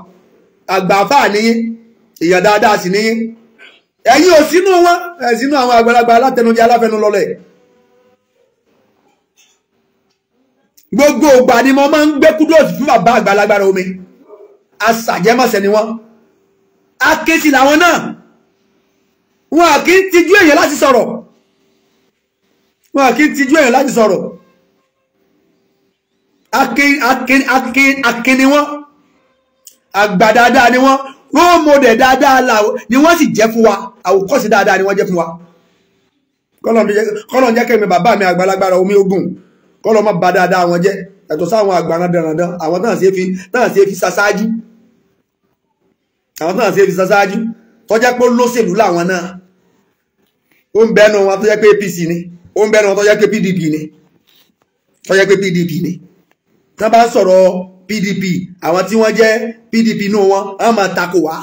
àgbà àfáà níyí èèyàn dáadáa sì níyí ẹ̀yin ò sínú wọn ẹ̀ sínú àwọn àgbàlagbà alátẹnujẹ aláfẹnulọlẹ̀ gbogbo ìgbà ni mo máa ń gbé kúdóòtù fún bàbá àgbàlagbà omi asàjẹmọ̀sẹ̀ ni wọ́n akéṣì làwọn náà wọn à kí ń tijú èèyàn láti sọ̀rọ̀ wọn à kí ń tijú èèyàn láti sọ̀rọ̀ akin ni wọ́n àgbà dáadáa ni wọ́n role model dáadáa ni wọ́n sì jẹ́ fún wa àwòkọ́ṣe dáadáa ni wọ́n jẹ́ fún wa kọ́lọ̀ jẹ́ kẹ́mi bàbá mi àgbàlagbára omi ogun kọ́lọ̀ ma ba dáadáa wọn jẹ́ yàtọ̀ sáwọn àgbàrán dandan àwọn táwọn ṣe fi táwọn ṣe fi ṣaṣáájú àwọn táwọn ṣe fi ṣaṣáájú tọ́jẹ́ pé lóṣèlú làwọn náà ó ń bẹ́nu wọn tó jẹ́ pé APC ni ó ń bẹ́nu wọn tó pé PDP ni tó pé PDP ni tán bá sọ̀rọ̀ PDP àwọn tí wọ́n jẹ́ PDP nù wọn á máa takò wá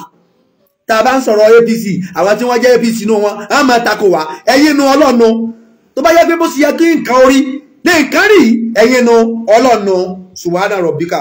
tá a bá ń sọ̀rọ̀ APC àwọn tí wọ́n jẹ́ APC nù wọn á máa takò wá ẹ̀yin nu ọlọ́nu tó bá yẹ pé bó ṣe yẹ kí nǹkan orí ní nǹkan ẹ̀yin nu ọlọ́nu sùwádà rọ̀bíkà.